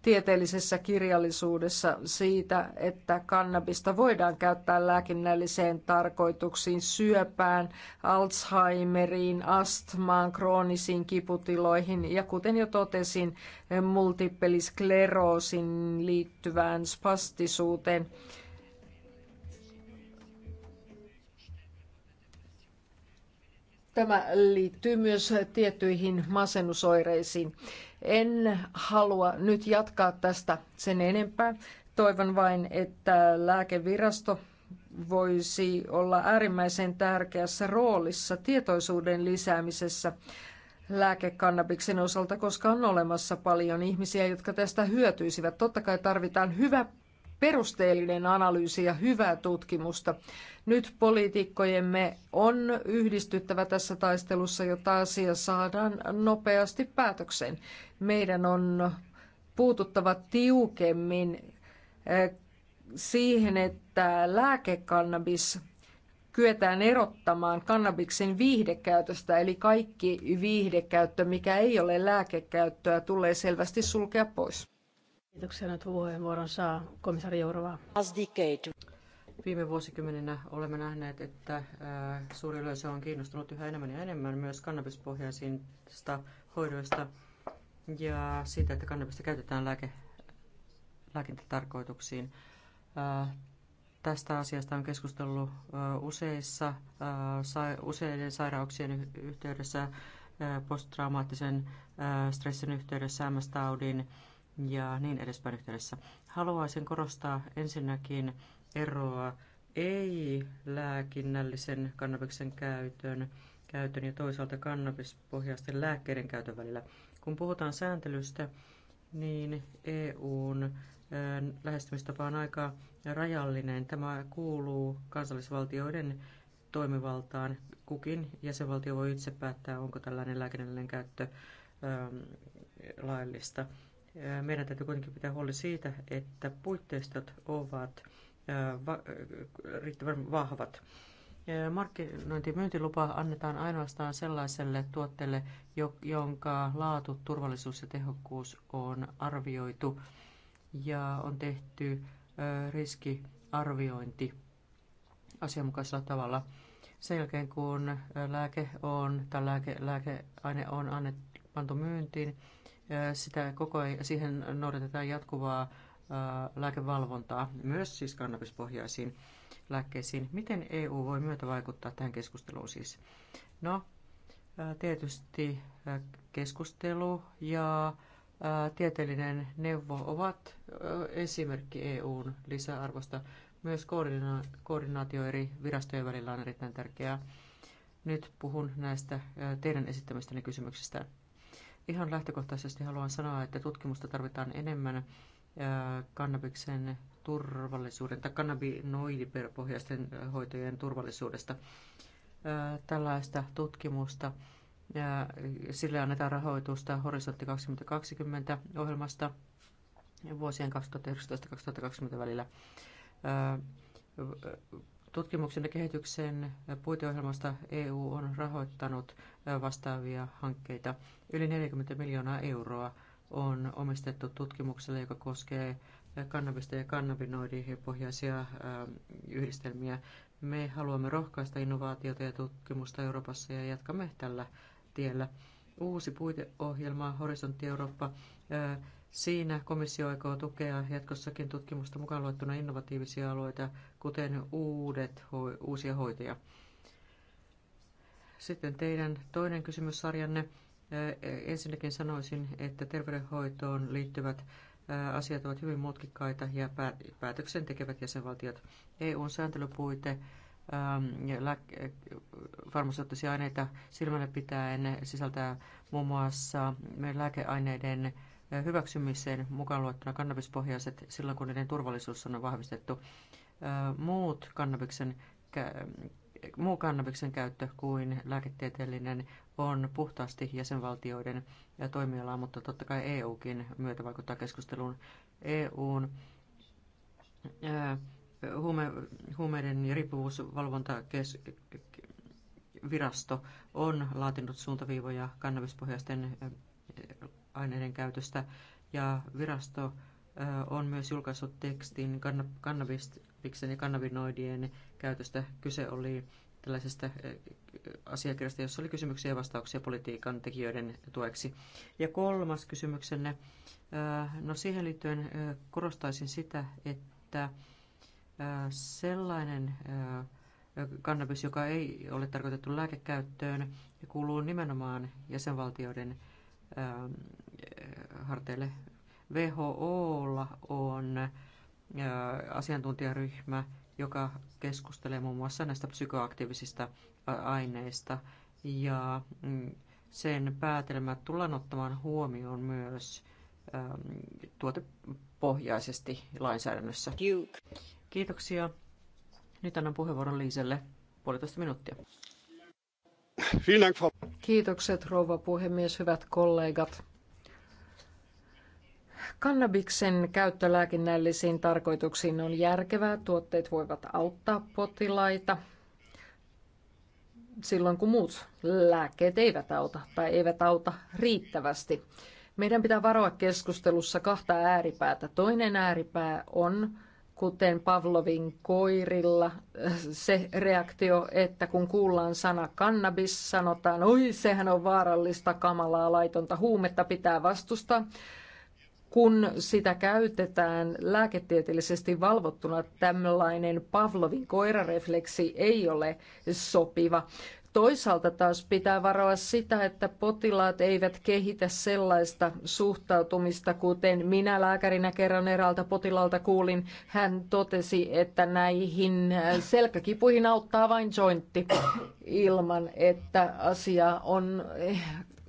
C: tieteellisessä kirjallisuudessa siitä, että kannabista voidaan käyttää lääkinnälliseen tarkoituksiin syöpään, Alzheimeriin, astmaan, kroonisiin kiputiloihin ja kuten jo totesin, multipeliskleroosin liittyvään spastisuuteen. Tämä liittyy myös tiettyihin masennusoireisiin. En halua nyt jatkaa tästä sen enempää. Toivon vain, että lääkevirasto voisi olla äärimmäisen tärkeässä roolissa tietoisuuden lisäämisessä lääkekannabiksen osalta, koska on olemassa paljon ihmisiä, jotka tästä hyötyisivät. Totta kai tarvitaan hyvä perusteellinen analyysi ja hyvää tutkimusta. Nyt poliitikkojemme on yhdistyttävä tässä taistelussa, jotta asia saadaan nopeasti päätökseen. Meidän on puututtava tiukemmin eh, siihen, että lääkekannabis kyetään erottamaan kannabiksen viihdekäytöstä, eli kaikki viihdekäyttö, mikä ei ole lääkekäyttöä, tulee selvästi sulkea pois.
B: Kiitoksia nyt puheenvuoron saa komissaari Jourova.
A: Viime vuosikymmeninä olemme nähneet, että äh, suuri yleisö on kiinnostunut yhä enemmän ja enemmän myös kannabispohjaisista hoidoista ja siitä, että kannabista käytetään lääke, lääkintätarkoituksiin. Äh, tästä asiasta on keskustellut äh, useissa, useiden sairauksien yhteydessä, posttraumaattisen stressin yhteydessä, MS-taudin ja niin edespäin yhteydessä. Haluaisin korostaa ensinnäkin eroa ei-lääkinnällisen kannabiksen käytön, käytön ja toisaalta kannabispohjaisten lääkkeiden käytön välillä. Kun puhutaan sääntelystä, niin EUn lähestymistapa on aika rajallinen. Tämä kuuluu kansallisvaltioiden toimivaltaan. Kukin jäsenvaltio voi itse päättää, onko tällainen lääkinnällinen käyttö laillista meidän täytyy kuitenkin pitää huoli siitä, että puitteistot ovat riittävän vahvat. Markkinointimyyntilupa annetaan ainoastaan sellaiselle tuotteelle, jonka laatu, turvallisuus ja tehokkuus on arvioitu ja on tehty riskiarviointi asianmukaisella tavalla. Sen jälkeen kun lääke on, tai lääke, lääkeaine on annettu pantu myyntiin, sitä koko ajan, siihen noudatetaan jatkuvaa lääkevalvontaa, myös siis kannabispohjaisiin lääkkeisiin. Miten EU voi myötä vaikuttaa tähän keskusteluun siis? No, tietysti keskustelu ja tieteellinen neuvo ovat esimerkki EUn lisäarvosta. Myös koordinaatio eri virastojen välillä on erittäin tärkeää. Nyt puhun näistä teidän esittämistäni kysymyksistä. Ihan lähtökohtaisesti haluan sanoa, että tutkimusta tarvitaan enemmän äh, kannabiksen turvallisuuden tai kannabinoidipohjaisten äh, hoitojen turvallisuudesta. Äh, tällaista tutkimusta sille annetaan rahoitusta Horisontti 2020 ohjelmasta vuosien 2019-2020 välillä Tutkimuksen ja kehityksen puiteohjelmasta EU on rahoittanut vastaavia hankkeita. Yli 40 miljoonaa euroa on omistettu tutkimukselle, joka koskee kannabista ja pohjaisia yhdistelmiä. Me haluamme rohkaista innovaatiota ja tutkimusta Euroopassa ja jatkamme tällä tiellä. Uusi puiteohjelma Horisontti Eurooppa Siinä komissio aikoo tukea jatkossakin tutkimusta mukaan luettuna innovatiivisia alueita, kuten uudet, uusia hoitoja. Sitten teidän toinen kysymyssarjanne. Ensinnäkin sanoisin, että terveydenhoitoon liittyvät asiat ovat hyvin mutkikkaita ja päätöksen tekevät jäsenvaltiot. EUn sääntelypuite farmaseuttisia aineita silmällä pitäen sisältää muun muassa lääkeaineiden hyväksymiseen mukaan luettuna kannabispohjaiset silloin, kun niiden turvallisuus on vahvistettu. Muut kannabiksen, muu kannabiksen käyttö kuin lääketieteellinen on puhtaasti jäsenvaltioiden toimialaa, mutta totta kai EUkin myötä vaikuttaa keskusteluun. EUn huume, huumeiden ja riippuvuusvalvontavirasto on laatinut suuntaviivoja kannabispohjaisten aineiden käytöstä ja virasto on myös julkaissut tekstin kannabiksen ja kannabinoidien käytöstä. Kyse oli tällaisesta asiakirjasta, jossa oli kysymyksiä ja vastauksia politiikan tekijöiden tueksi. Ja kolmas kysymyksenne, no siihen liittyen korostaisin sitä, että sellainen kannabis, joka ei ole tarkoitettu lääkekäyttöön, kuuluu nimenomaan jäsenvaltioiden harteille. WHOlla on asiantuntijaryhmä, joka keskustelee muun muassa näistä psykoaktiivisista aineista ja mm, sen päätelmät tullaan ottamaan huomioon myös tuotepohjaisesti lainsäädännössä. Kiitoksia. Nyt annan puheenvuoron Liiselle puolitoista minuuttia.
C: Kiitokset rouva puhemies, hyvät kollegat. Kannabiksen käyttö lääkinnällisiin tarkoituksiin on järkevää. Tuotteet voivat auttaa potilaita silloin, kun muut lääkkeet eivät auta tai eivät auta riittävästi. Meidän pitää varoa keskustelussa kahta ääripäätä. Toinen ääripää on kuten Pavlovin koirilla se reaktio, että kun kuullaan sana kannabis, sanotaan, oi sehän on vaarallista, kamalaa, laitonta huumetta, pitää vastustaa kun sitä käytetään lääketieteellisesti valvottuna, tämmöinen Pavlovin koirarefleksi ei ole sopiva. Toisaalta taas pitää varoa sitä, että potilaat eivät kehitä sellaista suhtautumista, kuten minä lääkärinä kerran eräältä potilaalta kuulin. Hän totesi, että näihin selkäkipuihin auttaa vain jointti ilman, että asia on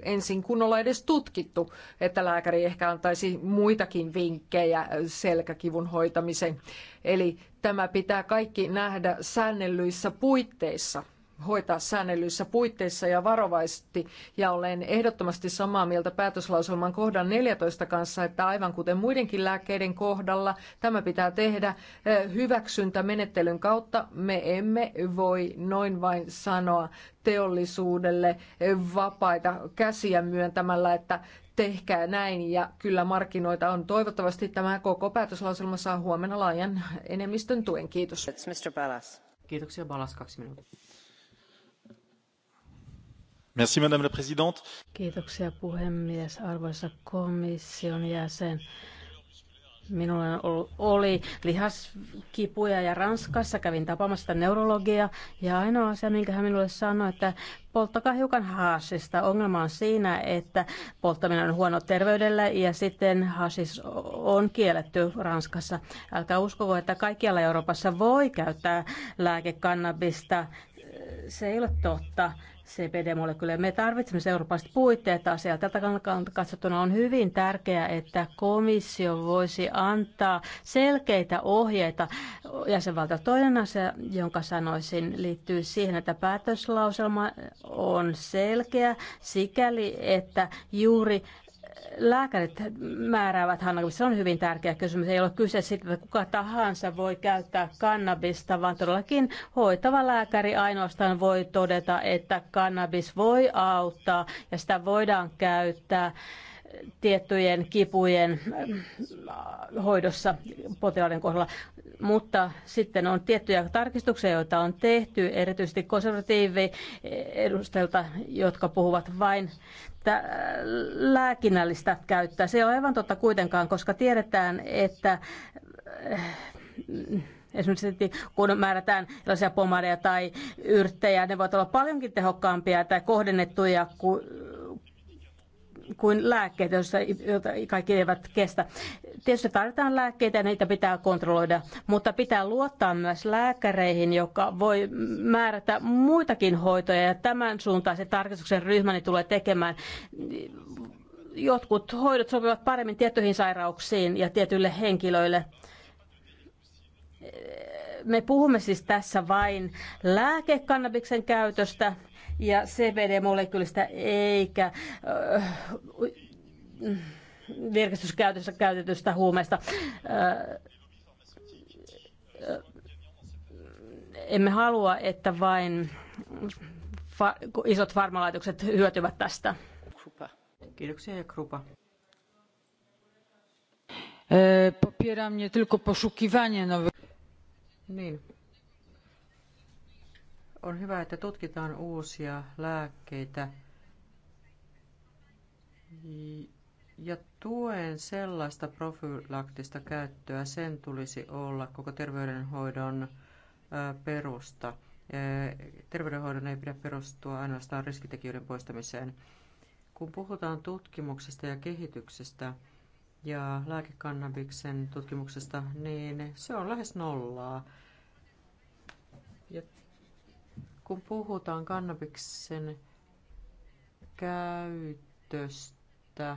C: ensin kunnolla edes tutkittu, että lääkäri ehkä antaisi muitakin vinkkejä selkäkivun hoitamiseen. Eli tämä pitää kaikki nähdä säännellyissä puitteissa hoitaa säännellyissä puitteissa ja varovaisesti. Ja olen ehdottomasti samaa mieltä päätöslauselman kohdan 14 kanssa, että aivan kuten muidenkin lääkkeiden kohdalla, tämä pitää tehdä hyväksyntämenettelyn kautta. Me emme voi noin vain sanoa teollisuudelle vapaita käsiä myöntämällä, että tehkää näin ja kyllä markkinoita on. Toivottavasti tämä koko päätöslauselma saa huomenna laajan enemmistön tuen. Kiitos. Kiitoksia Balas, kaksi
A: minuuttia. Merci, Madame
C: la Présidente.
B: Kiitoksia puhemies, arvoisa komission jäsen. Minulla oli lihaskipuja ja Ranskassa kävin tapaamassa sitä neurologia ja ainoa asia, minkä hän minulle sanoi, että polttakaa hiukan haasista. Ongelma on siinä, että polttaminen on huono terveydellä ja sitten haasis on kielletty Ranskassa. Älkää uskoko, että kaikkialla Euroopassa voi käyttää lääkekannabista. Se ei ole totta. CPD-molekyyleja. Me tarvitsemme eurooppalaiset puitteet asiaa. Tätä kannalta katsottuna on hyvin tärkeää, että komissio voisi antaa selkeitä ohjeita jäsenvaltio. Toinen asia, jonka sanoisin, liittyy siihen, että päätöslauselma on selkeä sikäli, että juuri lääkärit määräävät Hanna, Se on hyvin tärkeä kysymys. Ei ole kyse siitä, että kuka tahansa voi käyttää kannabista, vaan todellakin hoitava lääkäri ainoastaan voi todeta, että kannabis voi auttaa ja sitä voidaan käyttää tiettyjen kipujen äh, hoidossa potilaiden kohdalla mutta sitten on tiettyjä tarkistuksia, joita on tehty, erityisesti konservatiiviedustajilta, jotka puhuvat vain lääkinnällistä käyttöä. Se ei ole aivan totta kuitenkaan, koska tiedetään, että eh, esimerkiksi kun määrätään erilaisia pomadeja tai yrttejä, ne voivat olla paljonkin tehokkaampia tai kohdennettuja kuin kuin lääkkeet, joita kaikki eivät kestä. Tietysti tarvitaan lääkkeitä ja niitä pitää kontrolloida, mutta pitää luottaa myös lääkäreihin, joka voi määrätä muitakin hoitoja ja tämän suuntaisen tarkistuksen ryhmäni tulee tekemään jotkut hoidot sopivat paremmin tiettyihin sairauksiin ja tietyille henkilöille. Me puhumme siis tässä vain lääkekannabiksen käytöstä ja CBD-molekyylistä eikä virkistyskäytössä käytetystä huumeista. Emme halua, että vain isot farmalaitokset hyötyvät
A: tästä. Kiitoksia ja Krupa.
C: E, popieram nie tylko poszukiwanie nowych. Niin,
A: on hyvä, että tutkitaan uusia lääkkeitä ja tuen sellaista profylaktista käyttöä, sen tulisi olla koko terveydenhoidon perusta. Terveydenhoidon ei pidä perustua ainoastaan riskitekijöiden poistamiseen. Kun puhutaan tutkimuksesta ja kehityksestä ja lääkekannabiksen tutkimuksesta, niin se on lähes nollaa. Ja kun puhutaan kannabiksen käytöstä,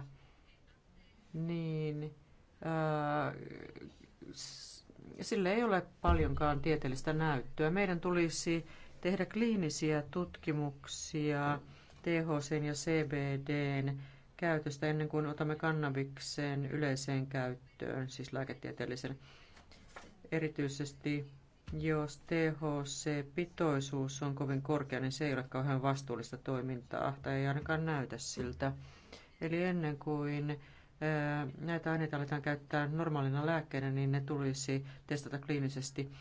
A: niin ää, äh, sille ei ole paljonkaan tieteellistä näyttöä. Meidän tulisi tehdä kliinisiä tutkimuksia THC ja CBDn käytöstä ennen kuin otamme kannabikseen yleiseen käyttöön, siis lääketieteellisen. Erityisesti jos THC-pitoisuus on kovin korkea, niin se ei ole kauhean vastuullista toimintaa tai ei ainakaan näytä siltä. Eli ennen kuin näitä aineita aletaan käyttää normaalina lääkkeenä, niin ne tulisi testata kliinisesti.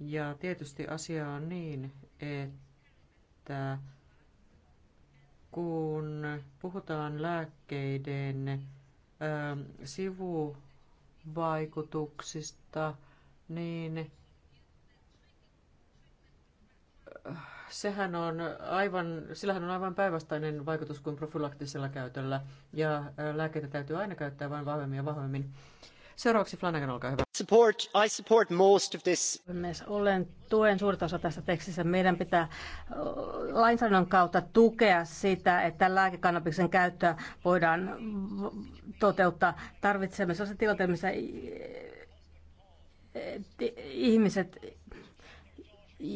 A: Ja tietysti asia on niin, että kun puhutaan lääkkeiden sivuvaikutuksista, niin sehän on aivan, sillähän on aivan päinvastainen vaikutus kuin profylaktisella käytöllä, ja lääkkeitä täytyy aina käyttää vain vahvemmin ja vahvemmin. Seuraavaksi Flanagan, olkaa hyvä. Support, I support most of
B: this. Olen tuen suurta osa tästä tekstissä. Meidän pitää lainsäädännön kautta tukea sitä, että lääkekannabiksen käyttöä voidaan toteuttaa. Tarvitsemme sellaisen tilanteen, missä ihmiset,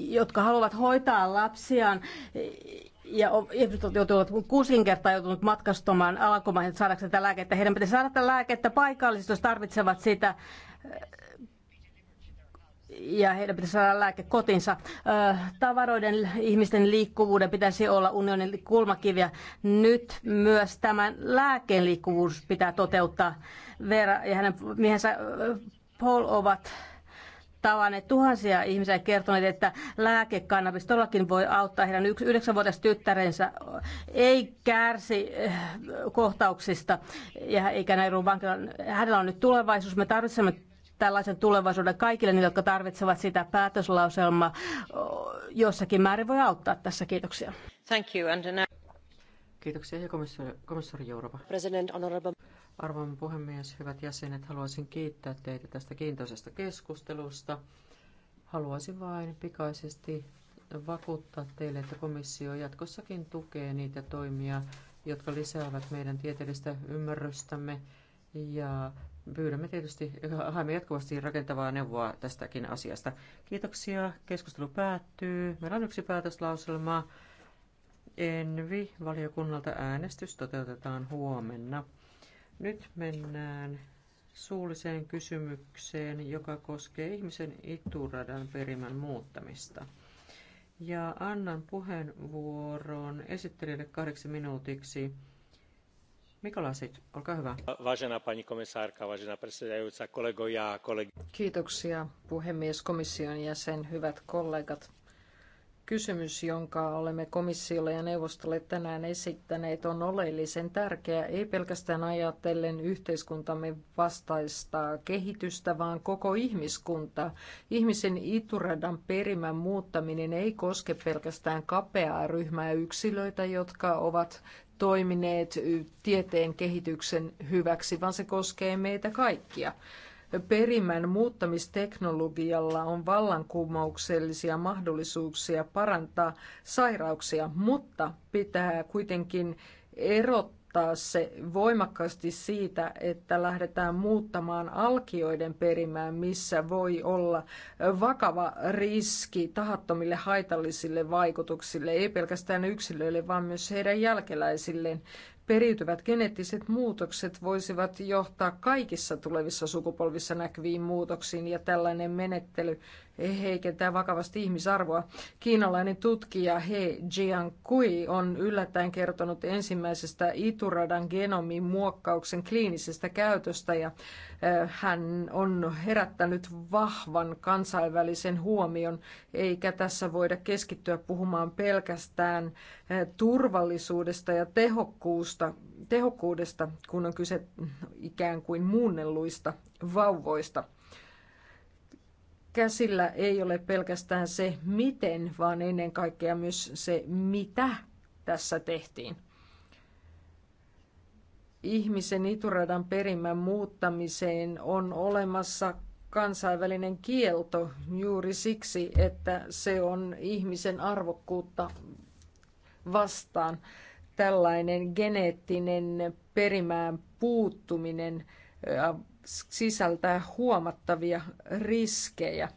B: jotka haluavat hoitaa lapsiaan ja joutuvat kuusin kertaa joutunut matkastamaan alkomaihin saadakseen tätä lääkettä. Heidän pitäisi saada tätä lääkettä paikallisesti, jos tarvitsevat sitä ja heidän pitäisi saada lääke kotinsa. Tavaroiden ihmisten liikkuvuuden pitäisi olla unionin kulmakiviä. Nyt myös tämän lääkeen liikkuvuus pitää toteuttaa. Vera ja hänen miehensä Paul ovat tavanneet tuhansia ihmisiä kertoneet, että lääkekannabis todellakin voi auttaa heidän yhdeksänvuotias tyttärensä, ei kärsi eh, kohtauksista ja eikä näin ollut vankilan. Hänellä on nyt tulevaisuus. Me tarvitsemme tällaisen tulevaisuuden kaikille niille, jotka tarvitsevat sitä päätöslauselma jossakin määrin voi auttaa tässä. Kiitoksia.
A: Thank you. And now... Kiitoksia ja komissori, komissori Jourova. President Honorable. Arvon puhemies, hyvät jäsenet, haluaisin kiittää teitä tästä kiintoisesta keskustelusta. Haluaisin vain pikaisesti vakuuttaa teille, että komissio jatkossakin tukee niitä toimia, jotka lisäävät meidän tieteellistä ymmärrystämme ja pyydämme tietysti, haemme jatkuvasti rakentavaa neuvoa tästäkin asiasta. Kiitoksia, keskustelu päättyy. Meillä on yksi päätöslauselma. Envi-valiokunnalta äänestys toteutetaan huomenna. Nyt mennään suulliseen kysymykseen, joka koskee ihmisen ituradan perimän muuttamista. Ja annan puheenvuoron esittelijälle kahdeksi minuutiksi. Mikolasit, olkaa hyvä.
C: Vážená pani komissaarka, vážená predsedajúca, kollegoja, kollegi. Kiitoksia puhemies, komission jäsen, hyvät kollegat kysymys, jonka olemme komissiolle ja neuvostolle tänään esittäneet, on oleellisen tärkeä, ei pelkästään ajatellen yhteiskuntamme vastaista kehitystä, vaan koko ihmiskunta. Ihmisen ituradan perimän muuttaminen ei koske pelkästään kapeaa ryhmää yksilöitä, jotka ovat toimineet tieteen kehityksen hyväksi, vaan se koskee meitä kaikkia perimän muuttamisteknologialla on vallankumouksellisia mahdollisuuksia parantaa sairauksia, mutta pitää kuitenkin erottaa se voimakkaasti siitä, että lähdetään muuttamaan alkioiden perimään, missä voi olla vakava riski tahattomille haitallisille vaikutuksille, ei pelkästään yksilöille, vaan myös heidän jälkeläisilleen periytyvät geneettiset muutokset voisivat johtaa kaikissa tulevissa sukupolvissa näkyviin muutoksiin ja tällainen menettely heikentää vakavasti ihmisarvoa. Kiinalainen tutkija He Jiankui on yllättäen kertonut ensimmäisestä ituradan genomin muokkauksen kliinisestä käytöstä ja äh, hän on herättänyt vahvan kansainvälisen huomion, eikä tässä voida keskittyä puhumaan pelkästään äh, turvallisuudesta ja tehokkuusta, tehokkuudesta, kun on kyse ikään kuin muunnelluista vauvoista käsillä ei ole pelkästään se miten, vaan ennen kaikkea myös se mitä tässä tehtiin. Ihmisen ituradan perimän muuttamiseen on olemassa kansainvälinen kielto juuri siksi, että se on ihmisen arvokkuutta vastaan. Tällainen geneettinen perimään puuttuminen sisältää huomattavia riskejä.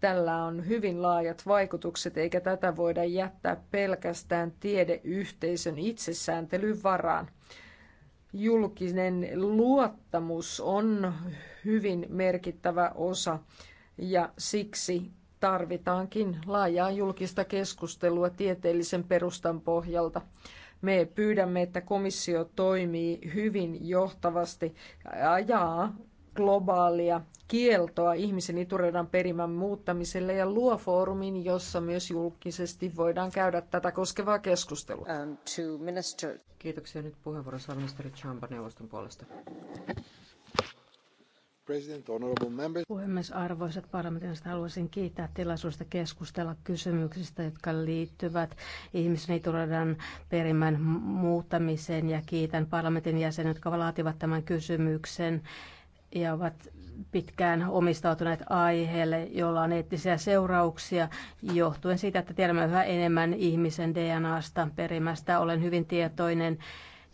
C: Tällä on hyvin laajat vaikutukset, eikä tätä voida jättää pelkästään tiedeyhteisön itsesääntelyn varaan. Julkinen luottamus on hyvin merkittävä osa ja siksi tarvitaankin laajaa julkista keskustelua tieteellisen perustan pohjalta. Me pyydämme, että komissio toimii hyvin johtavasti, ajaa globaalia kieltoa ihmisen itureudan perimän muuttamiselle ja luo foorumin, jossa myös julkisesti voidaan käydä tätä koskevaa keskustelua.
A: Kiitoksia nyt puheenvuorossa ministeri Chamba neuvoston puolesta. Puhemies, arvoisat parlamentit, haluaisin
B: kiittää tilaisuudesta keskustella kysymyksistä, jotka liittyvät ihmisniituradan perimän muuttamiseen ja kiitän parlamentin jäseniä, jotka laativat tämän kysymyksen ja ovat pitkään omistautuneet aiheelle, jolla on eettisiä seurauksia johtuen siitä, että tiedämme yhä enemmän ihmisen DNAsta perimästä. Olen hyvin tietoinen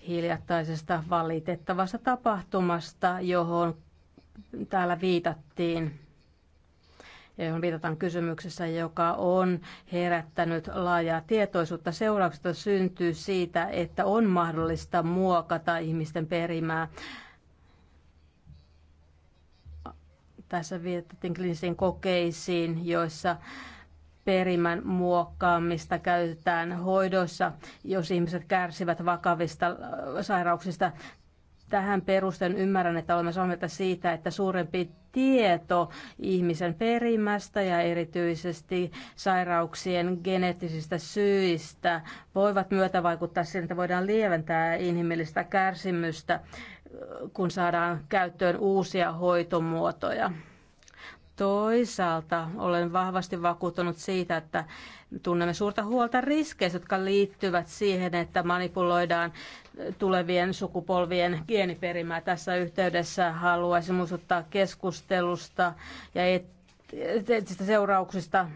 B: hiljattaisesta valitettavasta tapahtumasta, johon täällä viitattiin johon viitataan kysymyksessä, joka on herättänyt laajaa tietoisuutta. Seurauksesta syntyy siitä, että on mahdollista muokata ihmisten perimää. Tässä viitattiin klinisiin kokeisiin, joissa perimän muokkaamista käytetään hoidossa, jos ihmiset kärsivät vakavista sairauksista tähän perusten ymmärrän, että olemme samaa mieltä siitä, että suurempi tieto ihmisen perimästä ja erityisesti sairauksien geneettisistä syistä voivat vaikuttaa siihen, että voidaan lieventää inhimillistä kärsimystä, kun saadaan käyttöön uusia hoitomuotoja. Toisaalta olen vahvasti vakuuttunut siitä, että tunnemme suurta huolta riskeistä, jotka liittyvät siihen, että manipuloidaan tulevien sukupolvien geeniperimää. Tässä yhteydessä haluaisin muistuttaa keskustelusta ja et, seurauksista,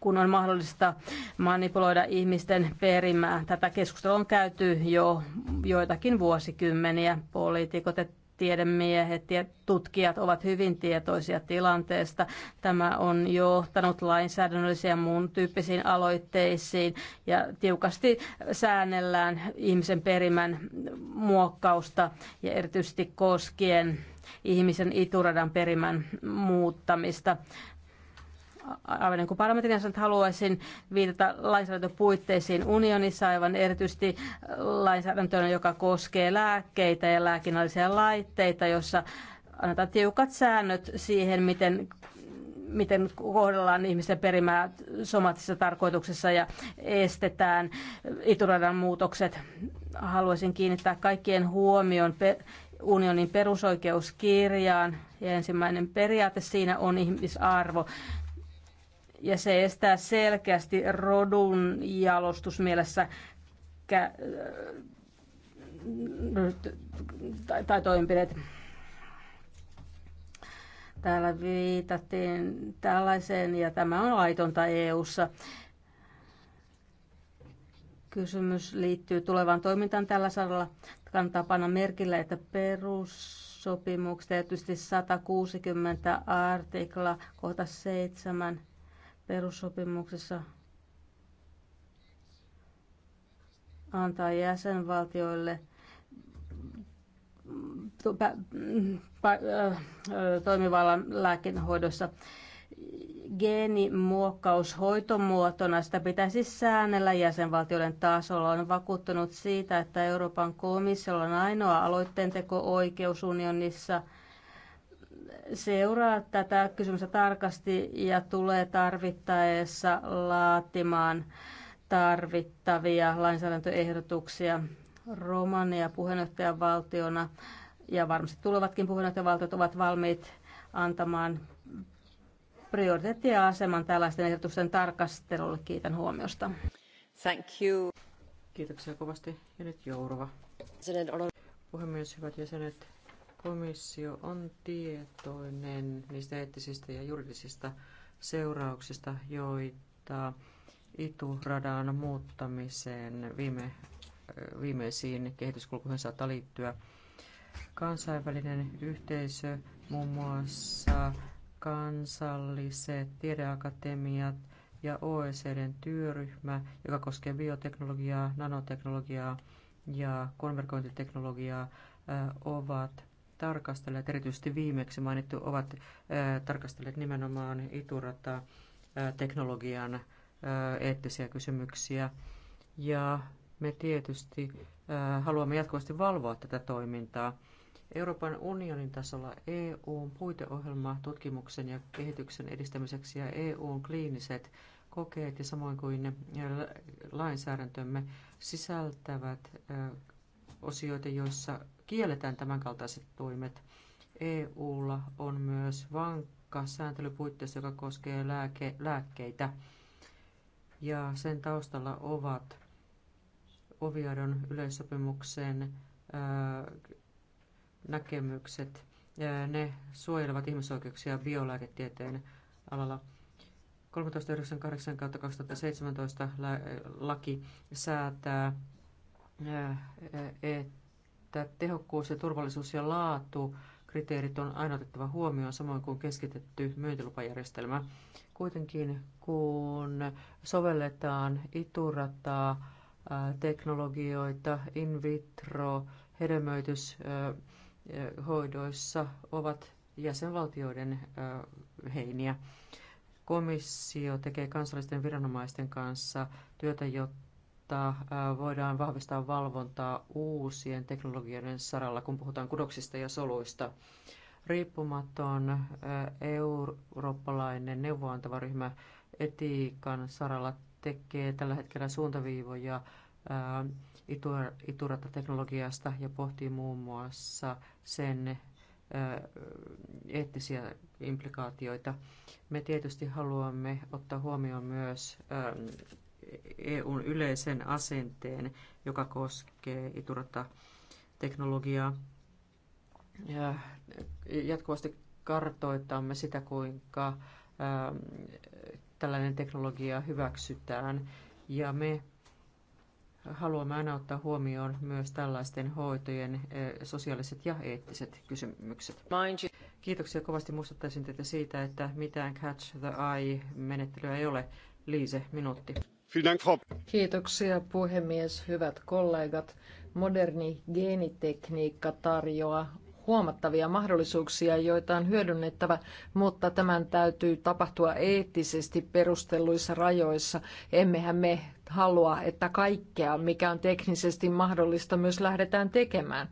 B: kun on mahdollista manipuloida ihmisten perimää. Tätä keskustelua on käyty jo joitakin vuosikymmeniä. Poliitikot tiedemiehet ja tutkijat ovat hyvin tietoisia tilanteesta. Tämä on johtanut lainsäädännöllisiin ja muun tyyppisiin aloitteisiin ja tiukasti säännellään ihmisen perimän muokkausta ja erityisesti koskien ihmisen ituradan perimän muuttamista aivan niin kuin parlamentin jäsenet haluaisin viitata lainsäädäntöpuitteisiin unionissa, aivan erityisesti lainsäädäntöön, joka koskee lääkkeitä ja lääkinnällisiä laitteita, jossa annetaan tiukat säännöt siihen, miten miten kohdellaan ihmisten perimää somaattisessa tarkoituksessa ja estetään ituradan muutokset. Haluaisin kiinnittää kaikkien huomion unionin perusoikeuskirjaan ja ensimmäinen periaate siinä on ihmisarvo ja se estää selkeästi rodun jalostusmielessä kä- tai, tai toimenpiteet. Täällä viitattiin tällaiseen ja tämä on laitonta EU:ssa. Kysymys liittyy tulevaan toimintaan tällä saralla. Kannattaa panna merkille, että perussopimukset, tietysti 160 artikla, kohta 7 perussopimuksessa antaa jäsenvaltioille toimivallan lääkehoidossa geenimuokkaus hoitomuotona, sitä pitäisi säännellä jäsenvaltioiden tasolla. On vakuuttunut siitä, että Euroopan komissiolla on ainoa aloitteenteko-oikeus unionissa – seuraa tätä kysymystä tarkasti ja tulee tarvittaessa laatimaan tarvittavia lainsäädäntöehdotuksia Romania puheenjohtajavaltiona ja varmasti tulevatkin puheenjohtajavaltiot ovat valmiit antamaan aseman tällaisten ehdotusten tarkastelulle. Kiitän huomiosta.
A: Thank you. Kiitoksia kovasti. Ja nyt Jourova. Puhemies, hyvät jäsenet, Komissio on tietoinen niistä eettisistä ja juridisista seurauksista, joita ituradan muuttamiseen viime, viimeisiin kehityskulkuihin saattaa liittyä. Kansainvälinen yhteisö, muun muassa kansalliset tiedeakatemiat ja OECDn työryhmä, joka koskee bioteknologiaa, nanoteknologiaa ja konvergointiteknologiaa, ovat tarkastelleet, erityisesti viimeksi mainittu, ovat tarkastelleet nimenomaan iturata teknologian eettisiä kysymyksiä. Ja me tietysti haluamme jatkuvasti valvoa tätä toimintaa. Euroopan unionin tasolla EUn puiteohjelma tutkimuksen ja kehityksen edistämiseksi ja EUn kliiniset kokeet ja samoin kuin ne lainsäädäntömme sisältävät osioita, joissa kielletään tämänkaltaiset toimet. EUlla on myös vankka sääntelypuitteissa, joka koskee lääke, lääkkeitä. Ja sen taustalla ovat Oviadon yleissopimuksen ää, näkemykset. Ja ne suojelevat ihmisoikeuksia biolääketieteen alalla. 1398-2017 laki säätää, että että tehokkuus ja turvallisuus ja laatu kriteerit on aina otettava huomioon, samoin kuin keskitetty myyntilupajärjestelmä. Kuitenkin kun sovelletaan iturataa, teknologioita, in vitro, hedelmöityshoidoissa ovat jäsenvaltioiden heiniä. Komissio tekee kansallisten viranomaisten kanssa työtä, jotta vahvistaa, voidaan vahvistaa valvontaa uusien teknologioiden saralla, kun puhutaan kudoksista ja soluista. Riippumaton eurooppalainen neuvoantava ryhmä etiikan saralla tekee tällä hetkellä suuntaviivoja Iturata-teknologiasta ja pohtii muun muassa sen eettisiä implikaatioita. Me tietysti haluamme ottaa huomioon myös EUn yleisen asenteen, joka koskee Iturata-teknologiaa. Ja jatkuvasti kartoitamme sitä, kuinka ähm, tällainen teknologia hyväksytään. Ja me haluamme aina ottaa huomioon myös tällaisten hoitojen äh, sosiaaliset ja eettiset kysymykset. Kiitoksia kovasti. Muistuttaisin teitä siitä, että mitään catch the eye-menettelyä ei ole. Liise, minuutti.
C: Kiitoksia puhemies, hyvät kollegat. Moderni geenitekniikka tarjoaa huomattavia mahdollisuuksia, joita on hyödynnettävä, mutta tämän täytyy tapahtua eettisesti perustelluissa rajoissa. Emmehän me halua, että kaikkea, mikä on teknisesti mahdollista, myös lähdetään tekemään.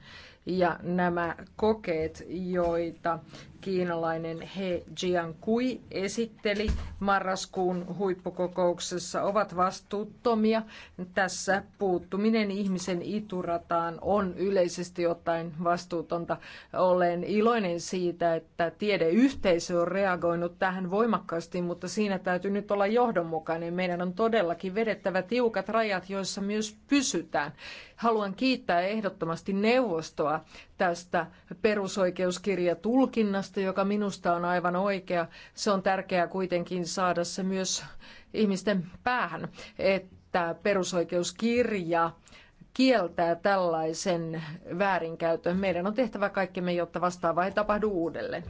C: Ja nämä kokeet, joita kiinalainen He Jiankui esitteli marraskuun huippukokouksessa, ovat vastuuttomia. Tässä puuttuminen ihmisen iturataan on yleisesti ottaen vastuutonta. Olen iloinen siitä, että tiedeyhteisö on reagoinut tähän voimakkaasti, mutta siinä täytyy nyt olla johdonmukainen. Meidän on todellakin vedettävä tiukat rajat, joissa myös pysytään. Haluan kiittää ehdottomasti neuvostoa tästä perusoikeuskirjatulkinnasta, joka minusta on aivan oikea. Se on tärkeää kuitenkin saada se myös ihmisten päähän, että perusoikeuskirja kieltää tällaisen väärinkäytön. Meidän on tehtävä kaikkemme, jotta vastaava ei tapahdu uudelleen.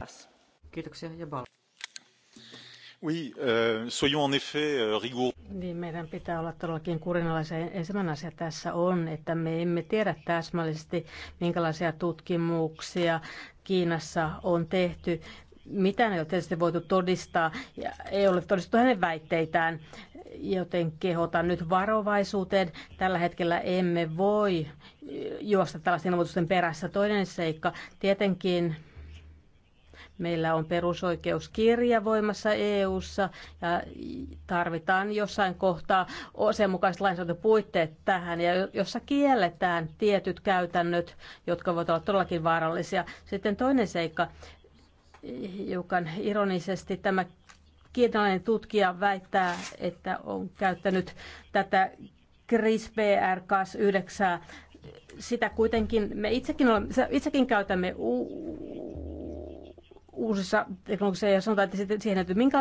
C: Kiitoksia ja paljon.
A: Oui, euh, soyons en effet euh, rigoureux.
C: Niin, meidän pitää olla todellakin kurinalaisia.
B: Ensimmäinen asia tässä on, että me emme tiedä täsmällisesti, minkälaisia tutkimuksia Kiinassa on tehty. Mitään ei ole tietysti voitu todistaa, ja ei ole todistettu hänen väitteitään, joten kehotan nyt varovaisuuteen. Tällä hetkellä emme voi juosta tällaisten ilmoitusten perässä. Toinen seikka, tietenkin Meillä on perusoikeuskirja voimassa EU-ssa ja tarvitaan jossain kohtaa sen mukaiset lainsäädäntöpuitteet tähän, ja jossa kielletään tietyt käytännöt, jotka voivat olla todellakin vaarallisia. Sitten toinen seikka, joka ironisesti tämä kiinalainen tutkija väittää, että on käyttänyt tätä CRISPR-Cas9 sitä kuitenkin, me itsekin, olemme, itsekin käytämme uusissa teknologisissa ja sanotaan, että siihen näytyy minkä